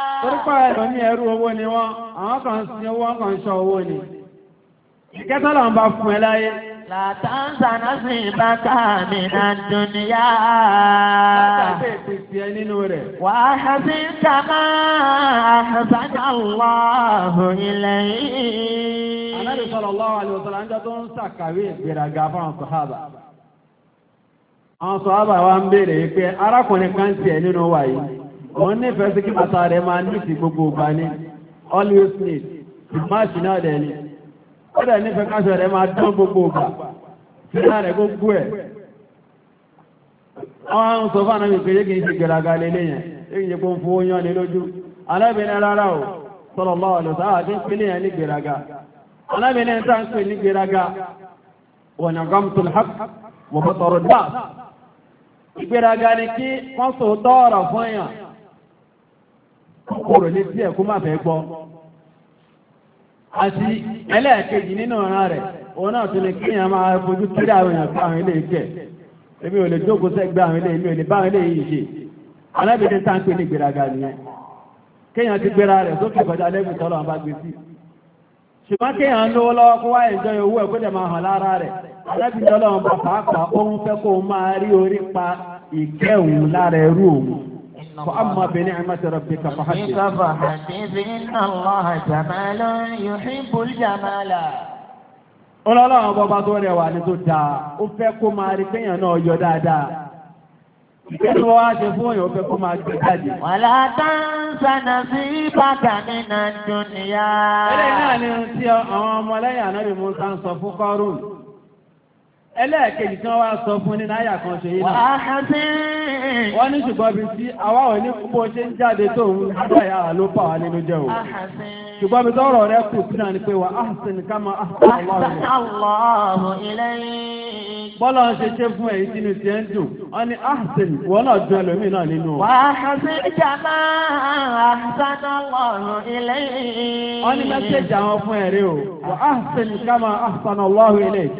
torípa ẹ̀rọ ní ẹrú owó ni wọ́n àwọn kan sin owó wọn kan ṣọ owó ni ìkẹta là ń bá fún ẹ láyé. látàǹsánà sì bá mi nà dúníyà. látàǹsánà sì ẹ nínú rẹ̀. wà á hàṣí ilẹ̀ yìí. tó ń ṣàkàwé ìgbéraga àwọn kan tiẹ̀ nínú òun nífẹ̀ẹ́ sí kí bàtà rẹ̀ máa ní ti gbogbo ọgbà ní always need ìmáàṣì náà dẹ̀ ni ó dẹ̀ nífẹ̀ẹ́ káṣọ rẹ̀ máa dán gbogbo ọgbà fìlà rẹ̀ gbogbo ẹ̀ àwọn sọ fún ànábì pé yékìí ṣe gẹ̀ràgà lélẹ̀ yẹn yékìí o ní kí wọ́n sọ fún kòkòrò lè tí ẹ̀kú máa fẹ́ gbọ́ àti ẹlẹ́ẹ̀kejì nínú ọ̀ràn rẹ̀ òun náà tún lè kíyàn máa fojú kírí àwọn èèyàn fún ilé ìkẹ́ èmi ò lè jókòó sẹ́gbẹ́ àwọn ilé mi ò lè bá ilé yìí ṣe alábẹ̀dẹ̀ ní فأما بنعمة ربك فحدث فحدث إن الله جمال يحب الجمال Ọlọ́run bọba tó rẹwà ní tó dáa, ó fẹ́ kó máa rí kéèyàn náà yọ dáadáa. Ìgbẹ́ni wọ́n wá ṣe fún òyìn ó fẹ́ kó máa gbé jáde. Wà látán sánà sí bàtà nínà dùn Ẹlẹ́ ẹlẹ́ẹ̀kejì tí wọ́n wá sọ fún ní náyà kan ṣe yìí náà wọ́n ní ṣùgbọ́n bí sí àwáwọ̀ ní púpọ̀ ṣe ń jáde tó ń àbáyà ló bà nínú jẹ́ òun ṣùgbọ́n bí tọ́rọ̀ rẹ kù sí náà ni pé wà áhùsìn ká máa áhùsìn Allahu ilayk bọ́lá ń ṣe ṣe fún èyí tí ní ti ẹ́ ká máa áhùsìn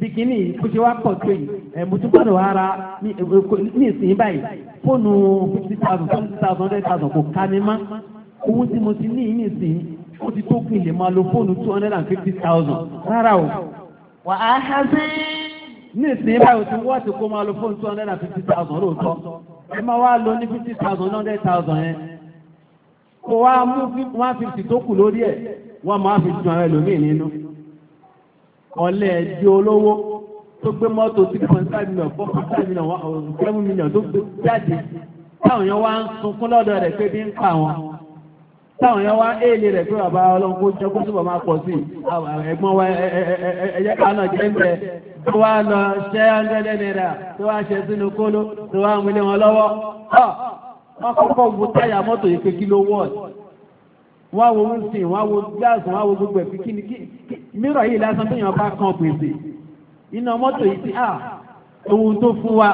bikini kùsì wa pọ̀ tó yìí ẹ̀ mùtúbọ̀dọ̀ ara ní ìsìn báyìí fóònù fifty thousand twenty thousand hundred thousand kò ká mi owó tí mo ti ní ní ìsìn ó ti tó kí lè máa lo fóònù two hundred and fifty thousand rárá o. wà á ha sí. ní ìsìn báyìí o ti wọ́n ti kó máa lo fóònù two hundred and fifty thousand lóòótọ́ ẹ máa wá lo ní fifty thousand hundred thousand yẹn kó wá mú one fifty tó kù lórí ẹ̀ wọ́n máa fi dùn àwọn ẹlòmíì nínú ọ̀lẹ́ ẹ̀jẹ̀ olówó tó gbé mọ́tò six point five million four point five million seven million tó gbé jáde táwọn yẹn wá ń sunkún lọ́dọ̀ rẹ̀ pé bí ń pa wọn táwọn yẹn wá éèlé rẹ̀ pé bàbá ọlọ́run kó jẹ́ kó túbọ̀ máa pọ̀ sí ẹ̀gbọ́n wa ẹ̀yẹ́ kan náà jẹ́ ń bẹ tó wá lọ ṣẹ́ hundred naira tó wá ṣe sínú kóló tó wá ń wílé wọn lọ́wọ́ wọ́n kọ́kọ́ bu táyà mọ́tò yìí pé kí ló wọ́ọ̀dì wọ́n wo wúnṣe wọ́n wo gáàsì wọ́n wo gbogbo ẹ̀fí kíni kí mírọ̀ yìí lásán tó yàn bá kan pèsè iná mọ́tò yìí sí à ohun tó fún wa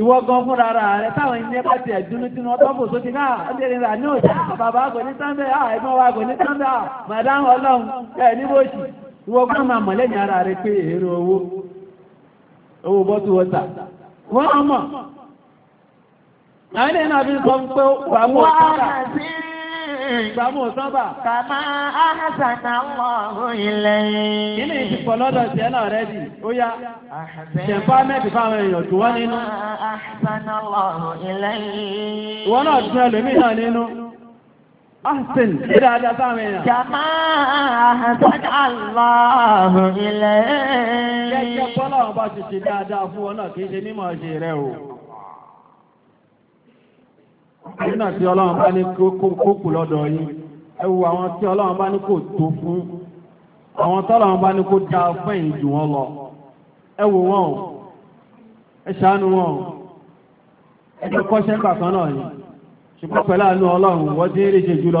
ìwọ gan fúnra ara rẹ táwọn ilé bá ti ẹ̀dúnú tí wọ́n tọ́pọ̀ sókè náà ọdẹ́rin rà ní òjá bàbá àgọ̀ ní sunday à ẹ̀gbọ́n wa àgọ̀ ní sunday à madam ọlọ́run ẹ̀ níbo òsì ìwọ gan máa mọ̀ lẹ́yìn ara rẹ pé èrò owó owó bọ́tù wọ́tà wọ́n mọ̀ àwọn ilé náà fi sọ pé wàá mú ọ̀kadà ìgbàmú sábà. Kàmá àhásánà lọ́hùn ilẹ̀. Kí ni ìtìpọ̀ lọ́dọ̀ sí ẹ náà rẹ̀ dì? Ó yá. mẹ́tì fáwọn èèyàn tó wọ́n nínú. ìdá ilẹ̀. Kẹ́kẹ́ ọba ṣe dáadáa fún ọ náà o. nínà tí ọlọ́run bá ní kókù lọ́dọ̀ yìí ẹ wo àwọn tí ọlọ́run bá ní kò tó fún àwọn tọ́lọ́run bá ní kó dá fẹ́yìn jù wọ́n lọ ẹ wo wọn o ẹ ṣàánú wọn o ẹ jẹ́ kọ́ṣẹ́ kàkan náà yìí ṣùgbọ́n pẹ̀lú àánú ọlọ́run wọ́n ti ń rí ṣe jùlọ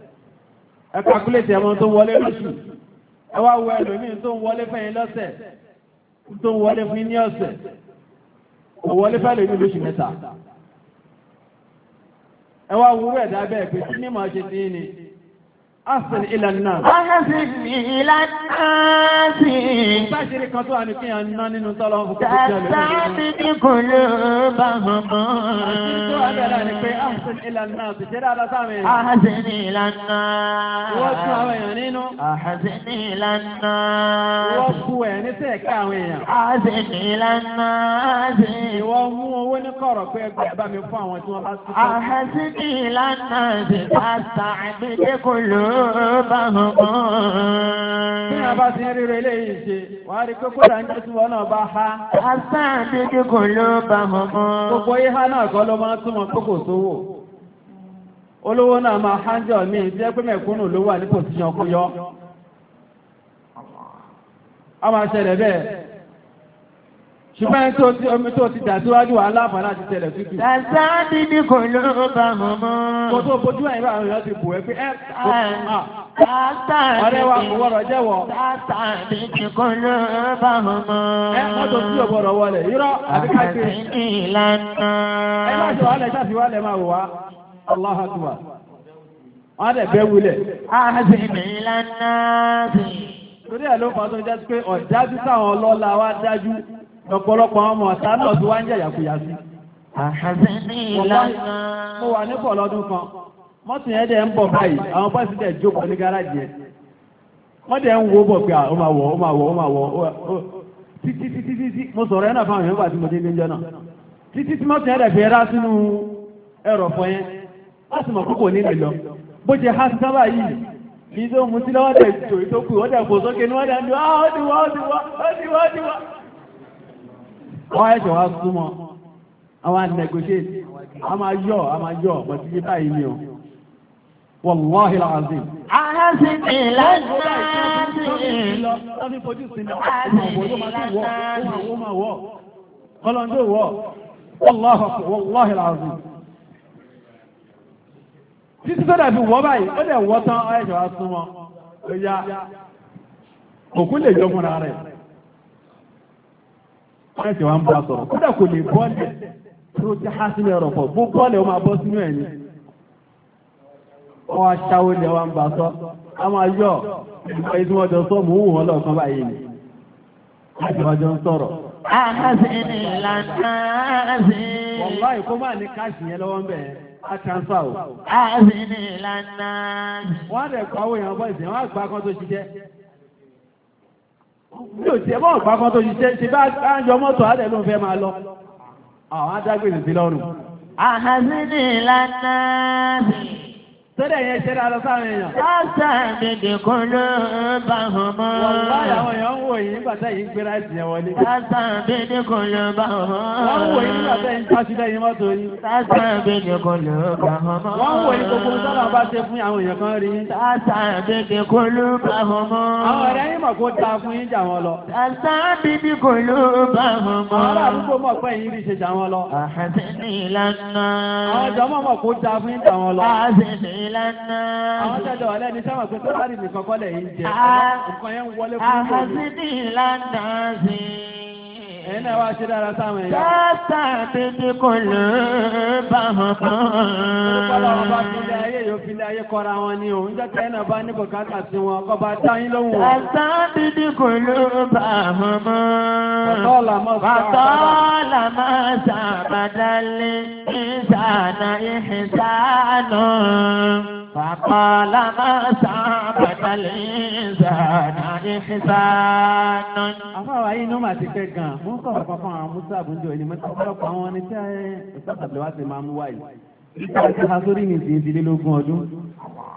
ẹ kàkúlẹ̀tì ẹmọ tó wọlé lóṣù ẹ wá wọ ẹlòmíì tó ń wọlé fẹ́yìn lọ́sẹ̀ tó ń wọlé fún ní ọ̀sẹ̀ kò wọlé fẹ́lẹ̀ ní lóṣù mẹ́ta ẹ wá wúrú ẹ̀dá bẹ́ẹ̀ pé màá ṣe sí ni Ahsan ila an-nas. Ahsan ila an-nas. Ìbáṣirí kan tó wà ní kíyàn ná nínú tọ́lọ fún kò jẹ́ lórí. Tàbí ní kò ló bá hàn mọ́. Àti tó wà bẹ̀rẹ̀ ni pé ahsan ila an-nas ṣe dáadáa sáàmì. Ahsan ila bá hàn án. eléyìí ṣe, wà á rí náà bá Gbogbo ihe náà kọ́ ló máa ń túmọ̀ kókò sówò. Olówó náà ha mi jẹ́ pé mẹ̀kúnnù ló wà ní yọ. ṣùgbọ́n tó ti omi tó ti dà síwájú wà láàfàá láti tẹ̀lẹ̀ tútù. Ṣàṣà ti ní kò ló bá mọ̀ mọ́. Kò tó bójú ẹ̀rọ àwọn èèyàn ti bù ẹ́ pé ẹ́ ọ̀rẹ́ wa kò wọ́rọ̀ jẹ́wọ́. Ṣàṣà ti ní kò ló bá mọ̀ mọ́. Ẹ mọ́tò tí ò bọ̀rọ̀ wọlé, irọ́ àti káṣe. Àṣà ìlànà. Ẹ má ṣe wàhálẹ̀ ṣáfi wàhálẹ̀ máa wò wá. Allah akbar. Wọ́n dẹ̀ bẹ́ wulẹ̀. Àṣà ìlànà. Torí ẹ̀ ló fọ́ tó jẹ́ pé ọ̀dájú táwọn ọlọ́lá wa dájú. lọpọlọpọ ọmọ ọ̀tá náà tó wá ń jẹ̀yàkúyà sí. mo wà ní pọ̀ lọ́dún kan mọ́tò yẹn dẹ̀ ń bọ̀ báyìí àwọn bọ́ọ̀sì dẹ̀ jókòó ní gáràjì yẹn wọ́n dẹ̀ ń wo bọ̀ pé ó máa wọ̀ ó máa wọ̀ ó máa wọ̀ títí títí títí mo sọ̀rọ̀ ẹ̀ mo dé ilé náà lọ bó ṣe há sábà yìí ní tó mú sí lọ́wọ́ ó wọ́n ẹ̀ṣẹ̀ wá súnmọ́ àwọn negotiate a máa yọ̀ a máa yọ̀ pẹ̀lú títà ìní o wọ́lọ́hì láàánsì Àhásìtì Títí tó dàbí wọ́ báyìí, ó dẹ̀ wọ́ tán ọ́yẹ́jọ́ wá súnmọ́, òkú lè jọ fún ara rẹ̀ wọ́n ẹ̀sẹ̀ wá ń bá sọ̀rọ̀ kódà kò lè bọ́ọ̀lẹ̀ tó ti há sínú ẹ̀rọ pọ̀ bó bọ́ọ̀lẹ̀ ó máa bọ́ sínú ẹ̀ ni wọ́n á ṣáwó lẹ̀ ń bá sọ a máa yọ ìgbà ìdí wọn jọ sọ mò ń wọ́n lọ́ọ̀kan báyìí ni láti wájọ ń sọ̀rọ̀. wọ́n kó máa ní káàsì yẹn lọ́wọ́ ń bẹ̀ mi ò tiẹ̀ bọ́ ọ̀gbà kan tó ṣiṣẹ́ ṣe bá àjọ mọ́tò àdẹ̀ ló ń fẹ́ máa lọ àwọn adágbèrè sí lọ́rùn. àhàzìdì lánà bí. sọ́dẹ̀ yẹn ṣe dáadọ́ sáwọn èèyàn. ọ̀sán mi dìkún ló bá hàn wọ́n bá àwọn èèyàn nígbà tẹ́ yìí ń gbé ráìsì yẹn wọlé. sásán dédé kò lọ bá wọn. wọ́n wò yín nígbà tẹ́ yìí ń pàṣẹ lẹ́yìn mọ́tò yìí. sásán dédé kò lọ bá wọn. wọ́n wò yín gbogbo sọ́nà bá ṣe fún àwọn èèyàn kan rí. sásán dédé kò lọ bá wọn mọ́. àwọn ọ̀rẹ́ yín mọ̀ kó da fún yín jà wọn lọ. sásán dédé kò lọ bá wọn mọ́. àwọn àdúgbò mọ̀ pé yín rí ṣe jà wọn lọ. àhàtẹ́ni ìlànà. àwọn jọmọ́ mọ̀ kó da fún yín jà wọn lọ. àhàtẹ́ni ìlànà. àwọn tẹ̀lé ọ̀lẹ́ni sẹ́wọ̀n pé tó bá rí nìkan kọ́lẹ̀ yín jẹ. nǹkan yẹn ń wọlé fún yín. àhàtẹ́ni ládàá sí ẹ̀yìn náà wá ṣe dára sáwọn èèyàn. dáta tètè kò ló bá wọn kàn. olùkọ́lá wọn bá kúndé ayé yóò fi lé ayé kọ́ra wọn ni òun jẹ́ kẹ́hìn náà bá ní bùkátà sí wọn kọ́ bá dáyín lóhùn. dáta tètè kò ló bá wọn mọ́. bàtọ́là máa sàbàdálé ìsànà ìhìnsánà. فقال ما سابت الإنسان إحسان Àfáwà yìí ní ó máa ti pẹ́ gan-an, mú kọ̀ọ̀kan kan fún àwọn Mùsùlùmí jọ ìlú mẹ́ta ọ̀pọ̀lọpọ̀ àwọn ẹni tí Ìsọ́sà Bẹ̀wá ti máa mú wáyé. Ìgbà tí a sórí ní ti ìdílé lógún ọdún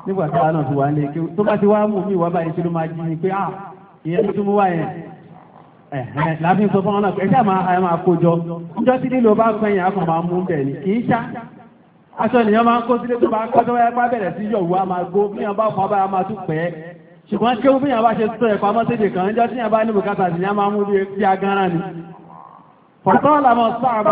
nígbà tí a náà ti wà ní èké tó bá ti wá mú mi wá báyìí tí ló máa jí ni pé à ah, ìyẹn tó tún mú wáyé láàfin sọ fún ọ náà ẹ̀ṣẹ́ àmà àyàmà àkójọ. Ìjọ́ tí lílo bá pẹ́yìn akọ̀ máa mú bẹ̀ ni kì í ṣá aṣọ ènìyàn máa ń kó sílé tó bá ń kọ́ tó bẹ̀rẹ̀ sí yọ̀wú a máa gbó bí yàn bá fún abára máa tún pẹ́ ṣùgbọ́n kéwú bí yàn bá ṣe tó ẹ̀fà mọ́sílẹ̀ kan jọ tí yàn bá ní bùkátà sí yàn máa mú bí agánra ni فطال ما صعب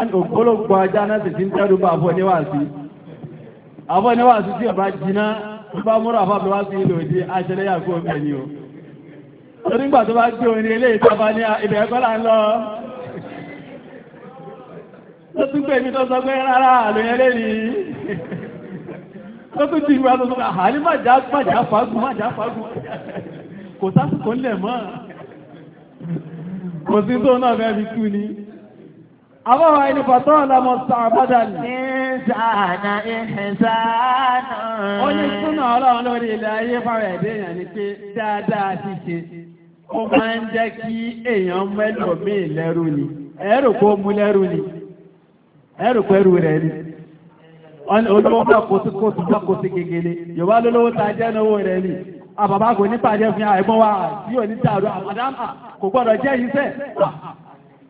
ògbólógbò ajá náà sì ti ń tẹ́rù bá àbọ̀ níwàásí àbọ̀ níwàásí tí ọba jiná tó bá múra àbábọ̀ wá sí ilé òde aṣẹlẹ̀ yàgò ọbẹ̀ ni o onígbà tó bá gbé orin eléyìí tó bá ní ibẹ̀ ẹ̀kọ́ là ń lọ tó tún pè mí tó sọ pé rárá àlòyẹn lẹ́yìn tó tún já fagun má já fagun kò sásìkò ńlẹ̀ mọ́ kò sí tó náà fẹ́ fi tú ni. àwọn ọ̀rọ̀ ẹni fọ̀tọ́ ọ̀lọ́mọ sàbọ́dà ní. ìsànà ìsànà. ó ní súnà ọlọ́run lórí ilẹ̀ ayé fáwọn èèyàn ni pé dáadáa ti ṣe ó máa ń jẹ́ kí èèyàn mẹ́lòmíì lẹ́rú ni ẹ̀rù kó mú ni ẹ̀rù rẹ̀ ni olówó bá bá yorùbá lólówó ta jẹ́ rẹ̀ wa yóò ní kò gbọ́dọ̀ jẹ́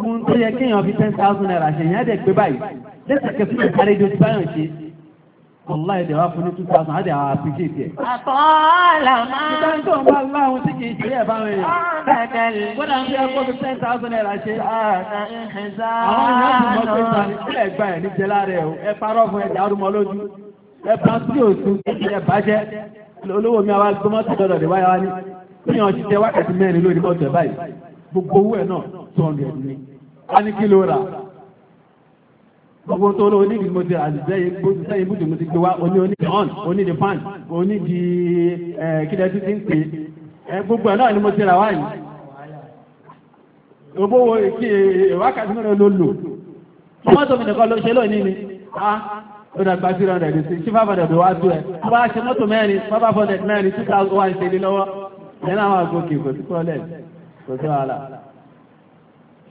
ohun tó yẹ kéèyàn fi ten thousand naira ṣe yẹn á dẹ̀ pé báyìí lẹ́sẹ̀kẹ́ fún ìparí ìdó ti báyọ̀ ṣe ọ̀la ẹ̀dẹ̀ wá fún ní two thousand á dẹ̀ àwọn àpèjì ìtẹ̀. àtọ́lá máa ń ṣe tó ń bá láwọn tí kì í ṣe ẹ̀ báwọn èèyàn. kódà ń fi ẹ̀kọ́ fi ten thousand naira ṣe. àwọn èèyàn ti mọ pé ta ni kílẹ̀ gba ẹ̀ ní jẹ́lá rẹ̀ o ẹ parọ́ fún ẹ̀dá ọdún mọ́lódú ẹ bá sí òtún ẹ bàjẹ́ olówó mi àwa gbọ́mọ́sí dọ́dọ̀ dé wáyà wá ní. kíyàn ti tẹ wákàtí mẹ́rin lórí mọ́tò ẹ̀ báyìí gbogbo owó ẹ̀ náà two hundred ni wọ́n ní kí ló rà gbogbo tó ló onídi mo ti àdìsẹ́yìn bùdù mo ti gbé wá oní onídi on onídi pan onídi kílẹ̀ tí ti ń pè é gbogbo ẹ̀ náà ni mo ti rà wáyìí òbówó kí wákàtí mẹ́rin ló lò wọ́n tó mi nìkan ló ṣe lónìí ni ó dàgbà sí rẹ̀ rẹ̀ sí sí fáfọ̀dẹ̀ bí wá tó ẹ̀ wọ́n bá ṣe mọ́tò mẹ́rin fáfọ̀dẹ̀ mẹ́rin 2001 ṣe lé lọ́wọ́ ẹ̀ náà wà gòkè kò sí pọ́lẹ̀ kò sí wàhálà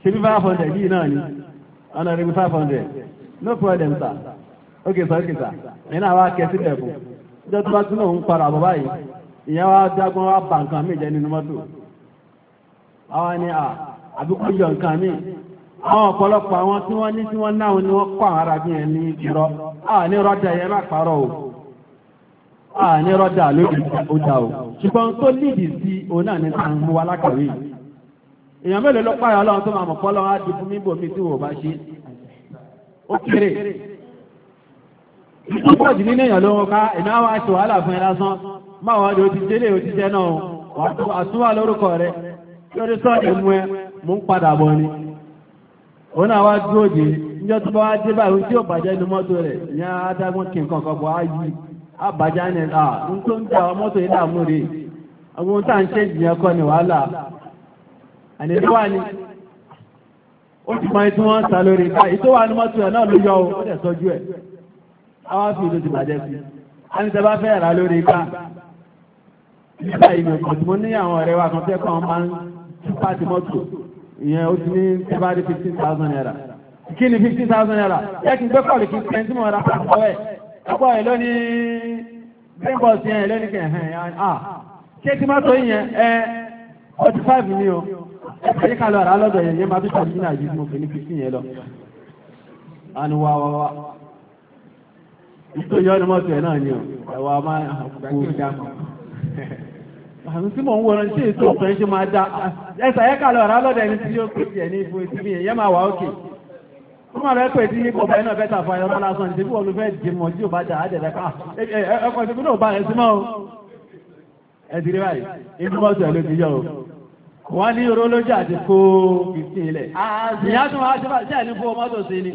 ṣe 500 yìí náà ni 500 no problem sir ok ok sir ìjọ tó bá tún ìyẹn wá wá bà nǹkan mí jẹ́ nínú mọ́tò àwọn ni à yọ nǹkan mí àwọn ọ̀pọ̀lọpọ̀ àwọn tí wọ́n ní tí wọ́n ni wọ́n kọ́ àwọn ní rọ́jà yẹn má parọ́ o ní rọ́jà lórí o ṣùgbọ́n tó lídìí sí òun náà èèyàn mélòó ló pààyà ọlọ́run tó máa mọ̀ fọ́lọ́ á di fún mímbò mi tí wò bá ṣe ó kéré púpọ̀ jù nínú èèyàn ló ń ká ìná wa ṣe wàhálà fún ẹ lásán máa wọ́n di òtítẹ́ lè òtítẹ́ náà àtúwà lórúkọ rẹ lórí sọ́ọ̀dì mú ẹ mú ń padà bọ̀ ni òun náà wá dúró dé níjọ́ tó bá wá dé báyìí tí ó bàjẹ́ inú mọ́tò rẹ̀ ní adágún kí nǹkan á yí àbájá ní à ń tó ń da mọ́tò yìí dààmú rè àwọn ohun tá à ń ṣe ìjìyàn kọ́ ni wàhálà àníbíwá ni ó ti máa tí wọ́n ń ta lórí ìgbà ìtòwà ní mọ́tò ẹ̀ náà ló yọ ó dẹ̀ sọ́jú ẹ̀ àwọn fi ìlú ti bàjẹ́ sí a ní tẹ́bá fẹ́ rà lórí ìgbà nígbà ìmọ̀ kan tí mo ní àwọn ọ̀rẹ́ wa kan tẹ́kọ̀ọ́ máa ń tú pàtí mọ́tò ìyẹn ó ti ní tẹ́bá rí fifteen thousand ni fifteen ẹ̀yí ká lọ àrá lọ́dọ̀ yẹn yẹn máa bí pàṣẹ náà yìí mo fi ní fi sí yẹn lọ ẹ̀ náà ni ẹ̀wà máa kú àwọn ń ètò ṣe máa dá ẹ̀sà tí yóò ní ìfò yẹ́ máa wà ókè máa tí ní iná bẹ́ta fún lásán fẹ́ mọ̀ tí ò bá jẹ̀dẹ̀ ká ẹ̀kọ́ náà bá rẹ̀ sí mọ́ ẹ̀dìrí báyìí wọ́n ní orólójì àti kó fìtì ilẹ̀. ìyá tún wá ṣọ́bà sí àní fún ọmọdé sí ni.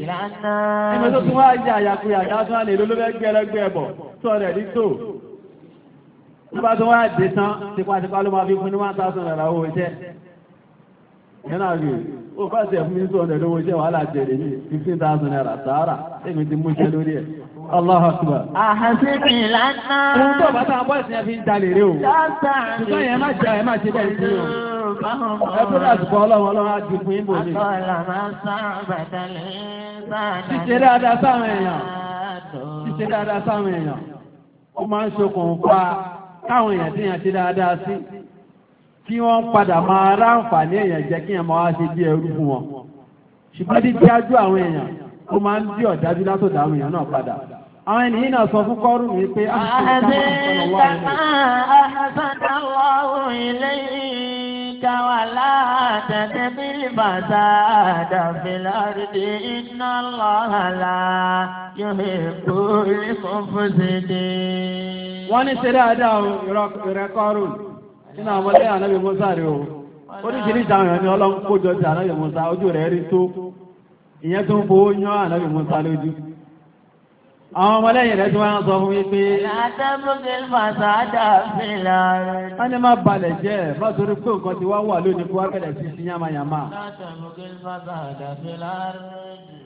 ìmọ̀ tó tún wá jẹ àyàkuyà dáadáa lè lólóbẹ́ gbẹ́lẹ́gbẹ́ ẹ̀bọ̀ tó thousand naira owó jẹ́. ìyẹn náà rí hundred owó thousand naira Allah akbar. Àhàsìkì lánà. Ohun tó bá tán bọ́ ìsìn ẹbí ń dalè rí o. Ṣùgbọ́n yẹn má jẹ́ ẹ má ṣe bẹ́ẹ̀ sí o. Ẹ tó dàsùpọ̀ ọlọ́run ọlọ́run á ju fún yín bò ní. Àtọ́lá máa ń sáà bàtàlẹ́ sáà. Ṣíṣe dáadáa sáwọn èèyàn. Ṣíṣe dáadáa sáwọn èèyàn. Ó máa ń ṣokùnfà káwọn èèyàn Kí wọ́n padà máa ráǹfà ní èèyàn jẹ́ kí èèyàn máa ṣe bí ẹrú fún wọn. Ṣùgbọ́n dídájú àwọn èèyàn. ó máa ń dí ọ̀dájú látòdà àwọn èèyàn náà padà àwọn ènìyàn náà sọ fún kọ́rù mi pé ah, wọ́n ní ṣe dáadáa ìrẹ́kọ́rù nínú àwọn ọmọdé ànábì Mùsá rẹ̀ o oríṣiríṣi àwọn èèyàn ni ọlọ́run ti ànábì Mùsá ojú rẹ̀ rí tó ìyẹn tó ń fowó yán ànábì Mùsá lójú àwọn ọmọlẹ́yìn rẹ̀ tí wọ́n ń sọ fún wípé wọ́n ní má balẹ̀ jẹ́ bá torí pé nǹkan ti wá wà lónìí kó wá bẹ̀rẹ̀ sí sí yàmàyàmà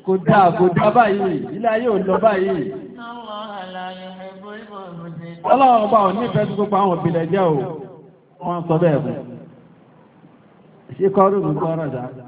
kò dáa kò dáa báyìí ilé ayé ò lọ báyìí ọlọ́run ọba kọ́rùn-ún kọ́rọ̀ dáa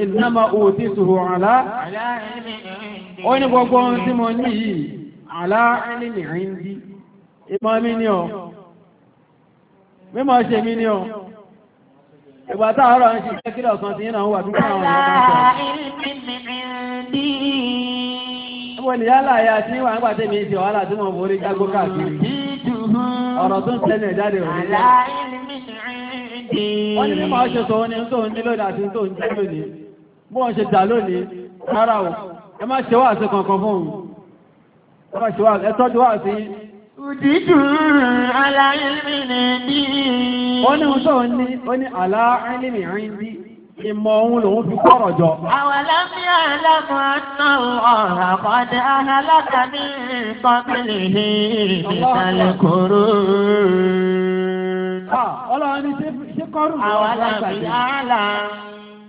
ìnáma òtí tòhò àlá ó ní gbogbo ohun tí mo ní yìí àlá ẹlẹ́lẹ̀ ríndí ìmọ̀ mi ní ọ mímọ̀ ṣe mi ní ọ ìgbà táàrọ̀ ń ṣe kílọ̀ kan ti yínà wà tó kọ́ àwọn ọmọ ìgbà yálà ya tí wà ń pàtẹ́ mi ṣe wàhálà tí mo borí jágó káàkiri ọ̀rọ̀ wọ́n ní mímọ̀ ṣe sọ ní tó ń nílò àti tó ń jẹ́ lónìí bọ́n ṣe dà lónìí rárá o ẹ má ṣe wáàsí kankan fún òun ẹ tọ́jú wáàsí Òdìdù aláìlìmì ní bí. Ó ní ń sọ ní, ó ní aláìlìmì rí bí ìmọ̀ ohun lòun fi kọ́rọ̀ jọ. Àwọn alámi alámọ̀ náà ọ̀rọ̀ àkọ́dẹ alálákà ní ìkọ́bìnrin ní ìsàlẹ̀ kòrò. Ọlọ́run ní ṣe kọ́rù lọ́wọ́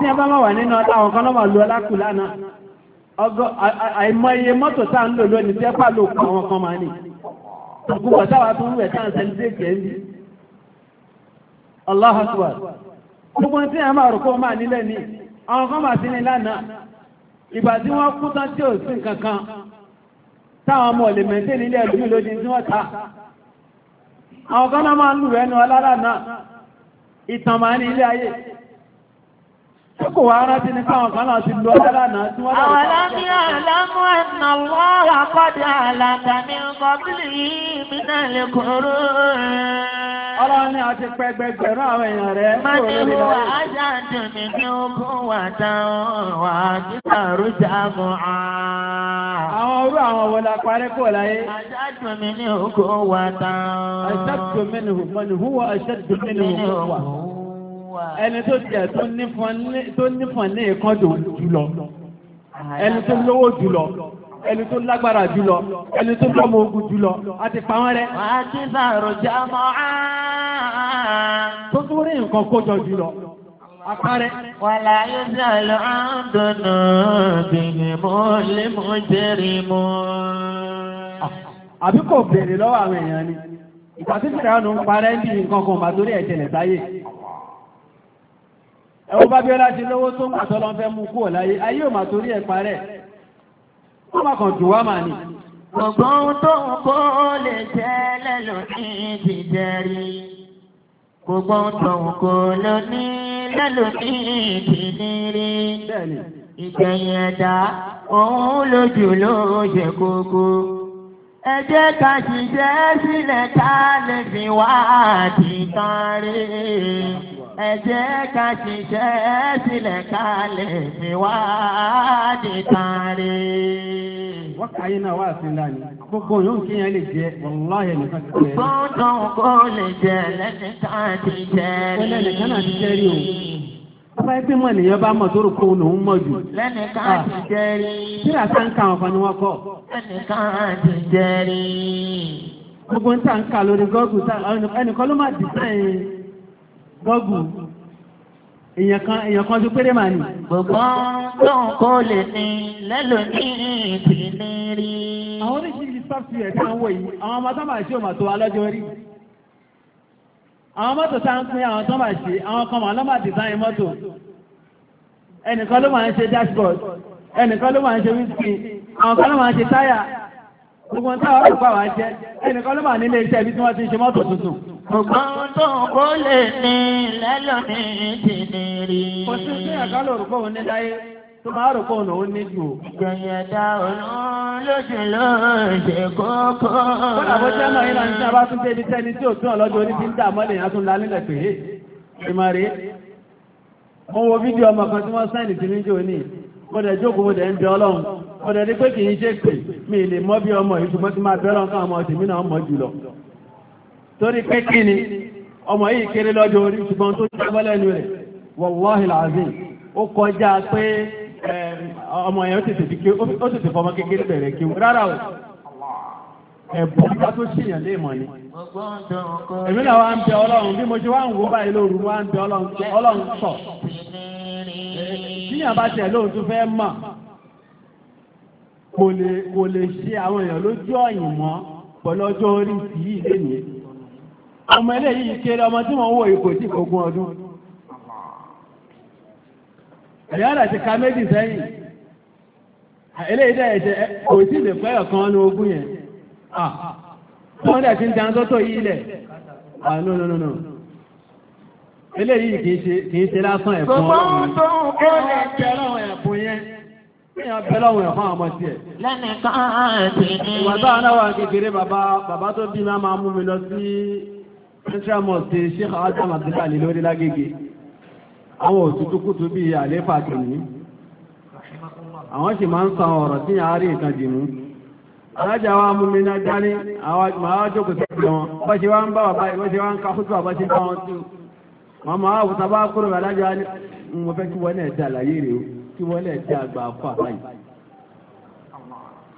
tí ẹ bá máa wà nínú ọlá àwọn ma lọ lu ọlá kù lánàá mọ́tò tá ń lò lónìí tí ẹ pà kọ àwọn kan máa ní ọkùn bọ̀ tó ń wẹ̀ tá ń sẹ́lẹ̀dẹ́kì ẹ̀ ń bí Allahu gbogbo tí ẹ máa rò kó máa nílẹ̀ ní àwọn kan máa sí ní lánàá ìgbà tí wọ́n kú tán tí ò sí nǹkan kan táwọn ọmọ lè mẹ́tẹ́ tí Kókò wá rántí ní káwọn kan náà ti lọ lánàá tí wọ́n lọ́wọ́. Àwọn alámi àlámú ẹ̀nà lọ́wọ́ àkọ́dé àlàkà ní ọkọ̀bílì yìí mi lè kóró. Ọlọ́run ni a ti pẹ́ àwọn èèyàn rẹ̀. Mọ́ni wà á jáde ní ogún wà la parí kò láyé? Àjáde mi ní ogún wà dáhùn. Àjáde mi ní ogún ẹni tó jẹ tó nífọn ní ìkan jùlọ ẹni tó lówó jùlọ ẹni tó lágbára jùlọ ẹni tó lọ́mọ ogun jùlọ a ti pa wọ́n rẹ́. wàá ti jámọ́ á. tó tó rí nǹkan kójọ jùlọ apárẹ́. wàlá yóò dà lọ àádọ́nà bìnrin mọ́ lé mọ́ mọ́. àbí kò béèrè lọ́wọ́ àwọn èèyàn ni ìgbà tí fìrà ń parẹ́ bí nǹkan kan bàtórí ẹ̀jẹ̀ lẹ̀ ẹwọ bá bí ọlá ṣe lówó tó ń pàtọ́ lọ́n fẹ́ mú kúrò láyé ayé ò mà torí ẹ̀ parẹ́ wọ́n má kàn dùn wá mà ní. tó ń kó lè jẹ́ lẹ́lò ní ti jẹ́rí gbogbo tó ń kó lò ní lẹ́lò ní ti nírí ìgbẹ̀yìn ẹ̀dá òun lójú ló kókó ẹ ká ṣiṣẹ́ sílẹ̀ ká lè fi wá àtìkárí. ẹ jẹ́ ká ṣiṣẹ́ sílẹ̀ ká lè di tààrí. wọ́n káyé náà wá sí ńlá ni gbogbo yóò kí yẹn lè jẹ wàláhì nìkan ti jẹ. gbọ́dọ̀ kó lè jẹ lẹ́nìkan ti jẹ rí. lẹ́nìkan náà ti jẹ rí o. Bàbá ẹgbẹ́ mọ̀ nìyẹn bá mọ̀ tó rò kó òun mọ̀ jù. ti ni wọ́n kọ́. ti Gbogbo ń ń kà lórí gọ́ọ̀gù gọ́gù èèyàn kan tó péré màá ní. gbọ̀ngàn tóun kó lè ní lẹ́lòmíì ìpínlẹ̀ rí. àwọn oníṣìírí software tí wọ́n wọ̀ yìí àwọn ọmọ tó máa ṣe òmà tó wa rí. àwọn mọ́tò tá ń pín àwọn tó máa ṣe àwọn kan máa lọ́mà Gbogbo tó kó lè ní ti ní rí. Kò sí sí òun ní láyé tó máa rò ní jù. òun lóṣù kókó. Kọ́lá bó jẹ́ mọ̀ ìlànà tí a bá tún dé ibi tẹ́ni tí ò tún ọlọ́jọ́ orí ti ń dà mọ́lẹ̀ yẹn tún pé rí. Mo wo kan tí wọ́n sí níjó ní. Mo dẹ̀ jókòó mo dẹ̀ ń bẹ Ọlọ́run. Mo dẹ̀ pé kì í ṣe pè mí lè mọ́ bí ọmọ ìṣùgbọ́n ti máa torí pé kí ni ọmọ yìí kéré lọ́jọ́ orí ṣùgbọ́n tó jábọ́ lẹ́nu rẹ̀ wọ́wọ́hì làzí ó kọjá pé eh, ọmọ yẹn ó tètè fọmọ kékeré bẹ̀rẹ̀ kí rárá o ẹ̀bùn bá tó ṣìyàn lè mọ̀ ni. èmi náà wá ń bẹ ọlọ́run bí mo ṣe wá ń wo báyìí kò lè ṣe àwọn èèyàn lójú ọ̀yìn mọ́ pẹ̀lú ọjọ́ orí tì í ọmọ ilé yìí kéré ọmọ tí wọ́n wò ìkò tí kò gún ọdún ìyára ti ka méjì sẹ́yìn ilé ìdá ẹ̀ṣẹ̀ kò sí lè pẹ́yọ̀ kan ní ogún yẹn tọ́ndẹ̀ tí ń jẹun tó tó yí ilẹ̀ no no no no ilé yìí kìí ṣe lásán ẹ̀fún ọlọ́run tó ń kọ́ ẹ̀kẹ́rọ̀ ẹ̀fún yẹn Èèyàn bẹ́lá òun ẹ̀fọ́ àwọn ọmọ sí ẹ̀. Lẹ́nìkan àti ní. Ìwà táwọn náà wà kékeré bàbá tó bí máa máa mú mi lọ sí ṣíṣàmọ̀ sí Sheikh Adam àtìláàlì lórí lágége àwọn òtútúkútù bí i àléfà tìní àwọn sì máa ń san ọ̀rọ̀ tí a rí ìkan dìmú alájà wa mú mi náà dání àwọn jókòó sí ìpìlẹ̀ wọn bá ṣe wá ń bá bàbá ìwọ́n ṣe wá ń ka fútù àbá ṣe bá wọn tú wọn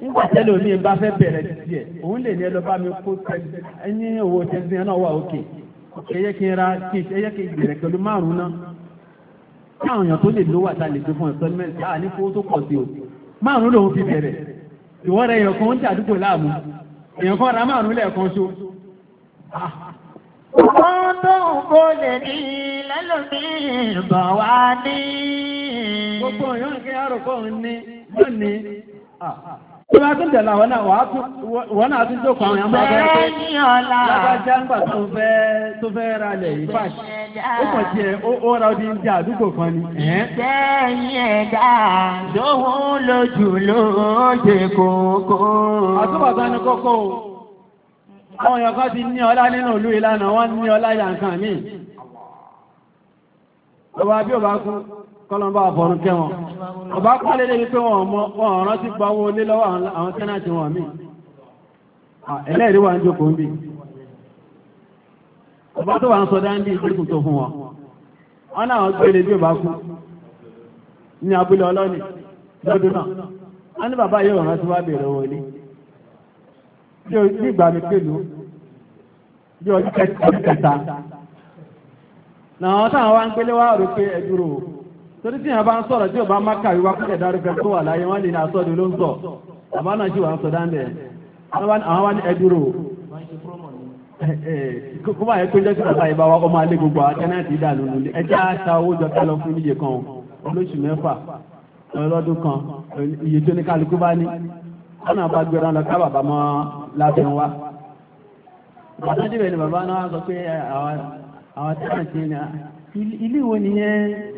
nígbà tẹ́lẹ̀ omi bá fẹ́ bẹ̀rẹ̀ títí ẹ̀ òun lè ní ẹ lọ bá mi kó ẹni owó tẹ́sí ẹ náà wà òkè ẹyẹ kí n ra kí ẹyẹ kí n bẹ̀rẹ̀ pẹ̀lú márùn náà kí àwọn èèyàn tó lè lówà tá lè gbé fún ẹ̀sọ́límẹ́ǹtì àní kó tó pọ̀ sí o márùn lòun fi bẹ̀rẹ̀ ìwọ́n rẹ èèyàn kan ń jàdúgbò láàmú èèyàn kan ra márùn lẹ́ẹ̀kan ṣo. Wọ́n ah. tó ń kó lè ní lẹ́lòmíì bọ̀ wá ní. Gbogbo ìyọ́nkẹ́ àròkọ́ ń ní, wọ́n ní. Ah. Tó bá tẹ̀lá wọ́n náà tún jókòó àwọn ẹ̀mọ́ ọ̀fẹ́ pé tó fẹ́ ra lẹ̀ yìí fàṣ. Ó tí ẹ ó ra àdúgbò kan ni. kọ́lọ̀mbà àfọ̀nù kẹwọn ọba pàdé lè wípé wọn ọ̀rán ti pàwọ́ olé lọ́wọ́ àwọn tẹ́nàtì wọn mí ẹlẹ́rìí wà ń jókòó ń bí ọba tó wà ń sọ dáńdí ìgbésùn tó fún wọn wọn náà wọn gbére bí ọba kú ní abúlé ọlọ́ni lọ́dún náà wọn ní bàbá yóò rántí wá bèèrè owó ilé bí ìgbà mi pẹ̀lú bí ọdún kẹta náà wọn táwọn wá ń gbélé wá rò pé torí tí ìyàbá ń sọ̀rọ̀ tí ò bá má kàwé wá kúrẹ̀ dárúkẹ tó wà láyé wọ́n lè ní àsọ́dù ló ń sọ àbá náà sì wà ń sọ dáńdẹ̀ àwọn wá ní ẹdúró kó bá yẹ kó jẹ́ sípàtà ìbá wa ọmọ alẹ́ gbogbo àtẹ́nàtì ìdàlú lulẹ̀ ẹjẹ́ àṣà owó jọ ká lọ fún iye kan olóṣù mẹ́fà ọlọ́dún kan iye tó ní kálukú bá ní ọ̀nà bá gbéra lọ ká bàbá mọ́ láfihàn wa bàbá ni bàbá náà sọ pé àwọn àtẹ́nàtì ilé ìwé nìyẹn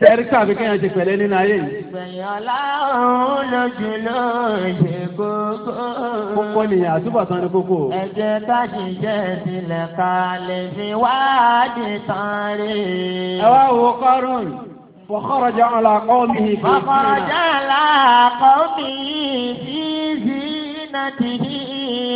Tẹ́ríkà bí kẹ́yàn ti pẹ̀lẹ́ nínú ayé yìí. Ìgbẹ̀yànlá òun lójú lóòjì kókó. Kókó nìyàn àtúbọ̀tán ní kókó. Ẹ jẹ́ ká ṣiṣẹ́ sílẹ̀ ká lè fi wádìí tán rí. Ẹ wá wo kọ́rùn-ún. وخرج على قومه فخرج على قومه في زينته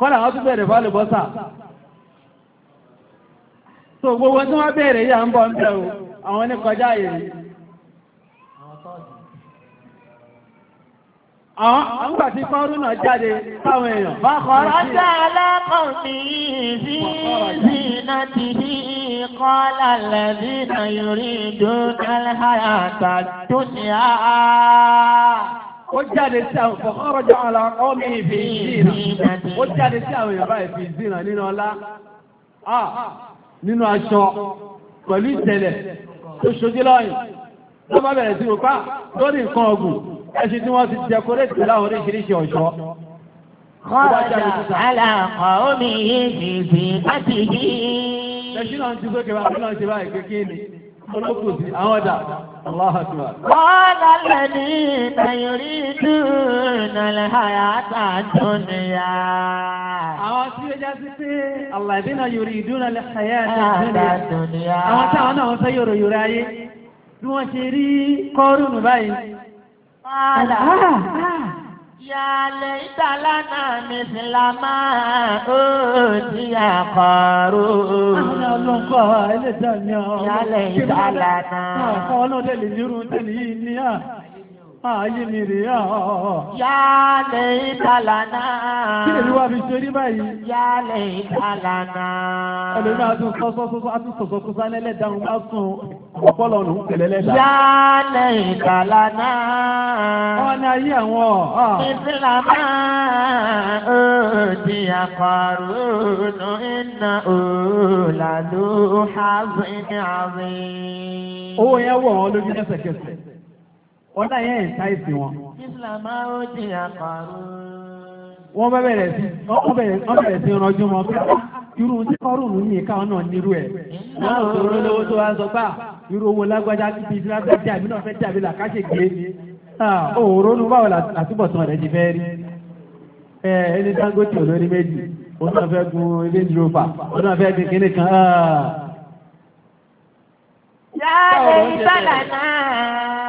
kọ́lá wọ́n tún bẹ̀rẹ̀ bọ́ọ̀lù bọ́sà so gbogbo tí wọ́n bẹ̀rẹ̀ yà ń bọ̀ ń bẹ̀rù àwọn ní kọjá yìí àwọn àgbàtí kọrù náà jáde táwọn èèyàn bá kọrọ ọjọ́ alákọ̀ọ́bí sí ìsìnà náà ó jáde sí àwọn fọ̀kọ́rọ̀ jọ àlà ọmọ ìfì ìzìnà ó jáde sí àwọn ìyàbá ìfì ìzìnà nínú ọlá nínú aṣọ pẹ̀lú ìtẹ̀lẹ̀ tó ṣojú lọ́yìn tó bá bẹ̀rẹ̀ sí òpá lórí nǹkan ọgùn ẹṣin tí wọ́n ti dẹkọrẹ́tì pẹ̀lú àwọn oríṣiríṣi ọ̀ṣọ́ Ẹṣin náà ti sókè bá fún náà ṣe olókùsí àwọn ọ̀dà aláhàtúwà. Kọ́lá lẹ́ni ìtàyòrí dùnà lẹ́hàyà àtàtò nìyà. Àwọn tí ó já sí pé àlàdínà yòrí dùnà lẹ́hàyà àtàtò nìyà. Àwọn táwọn náà fẹ́ yòrò yòrò ayé bí wọ́n ṣe rí kọ́rùnù báyìí. Kọ́lá. Yàlẹ̀ ìdálá náà mi sì la máa ó ti àkọ́rò. Àwọn ọlọ́kọ̀ ẹlẹ́dàá ni àwọn ọmọ ìdálá náà. Àwọn ọlọ́dẹ̀ lè nírú tẹ̀lé yìí ní à. Ah ààyè mi rè á. Yálẹ̀ ìtàlànà. Kí lèmi wá fi ṣe rí báyìí? Yálẹ̀ ìtàlànà. Ẹlòmí àtún sọ́sọ́sọ́sọ́ àtún sọ̀sọ́kú sálẹ́lẹ̀ dáhùn bá sùn ọ̀pọ̀lọ̀ ló ń pèlè lẹ́dà. Yálẹ̀ ìtàlànà. Wọ́n ní ayé àwọn ọ̀. Ìsìlámà òdì àkọ̀rùnù iná òòlà ló hàzín àzín. Owó yẹn wọ̀ wọ́n lójú ẹsẹ̀kẹsẹ̀ ọ̀dà yẹn ń sáìsì wọn. wọ́n bẹ̀rẹ̀ sí wọ́n bẹ̀rẹ̀ sí rọjú wọn pé ah, irú tí kọ́rùn-ún yìí káwọn náà nírú ẹ̀. wọ́n tó rọ́ lọ́wọ́ tó wá sọ pé ah, irú owó lágbájá bíi ìdílé fẹ́ jàbí náà fẹ́ jàbí là káṣe gbé. òòró ah, nu báwo làtúbọ̀tán rẹ̀ ti fẹ́ rí. ẹni Dangote olórí méjì òun náà fẹ́ gun ilé ìdúrófà òun náà fẹ́ gbin kínní kan. yáa lè ìtọ́lá náà.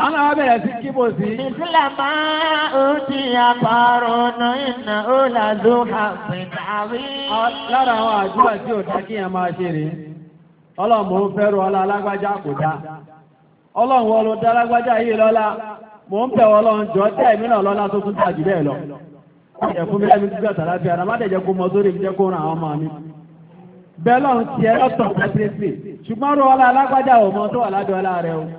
Àwọn àwọn bẹ̀rẹ̀ sí kíbò sí. Ìfúnlẹ̀ máa ó ti àpàrọ̀ ọ̀nà ìnà ó làdó Lára àwọn tí ò dá kí ẹ ṣe ń fẹ́rù ọlá alágbájá kò dá. dá alágbájá yìí lọ́lá. Mò ń bẹ̀ ọlọ́run lọ. Ẹ̀fún mi lẹ́mi gbígbà kó mọ sórí kó àwọn ọmọ mi. Bẹ́ẹ̀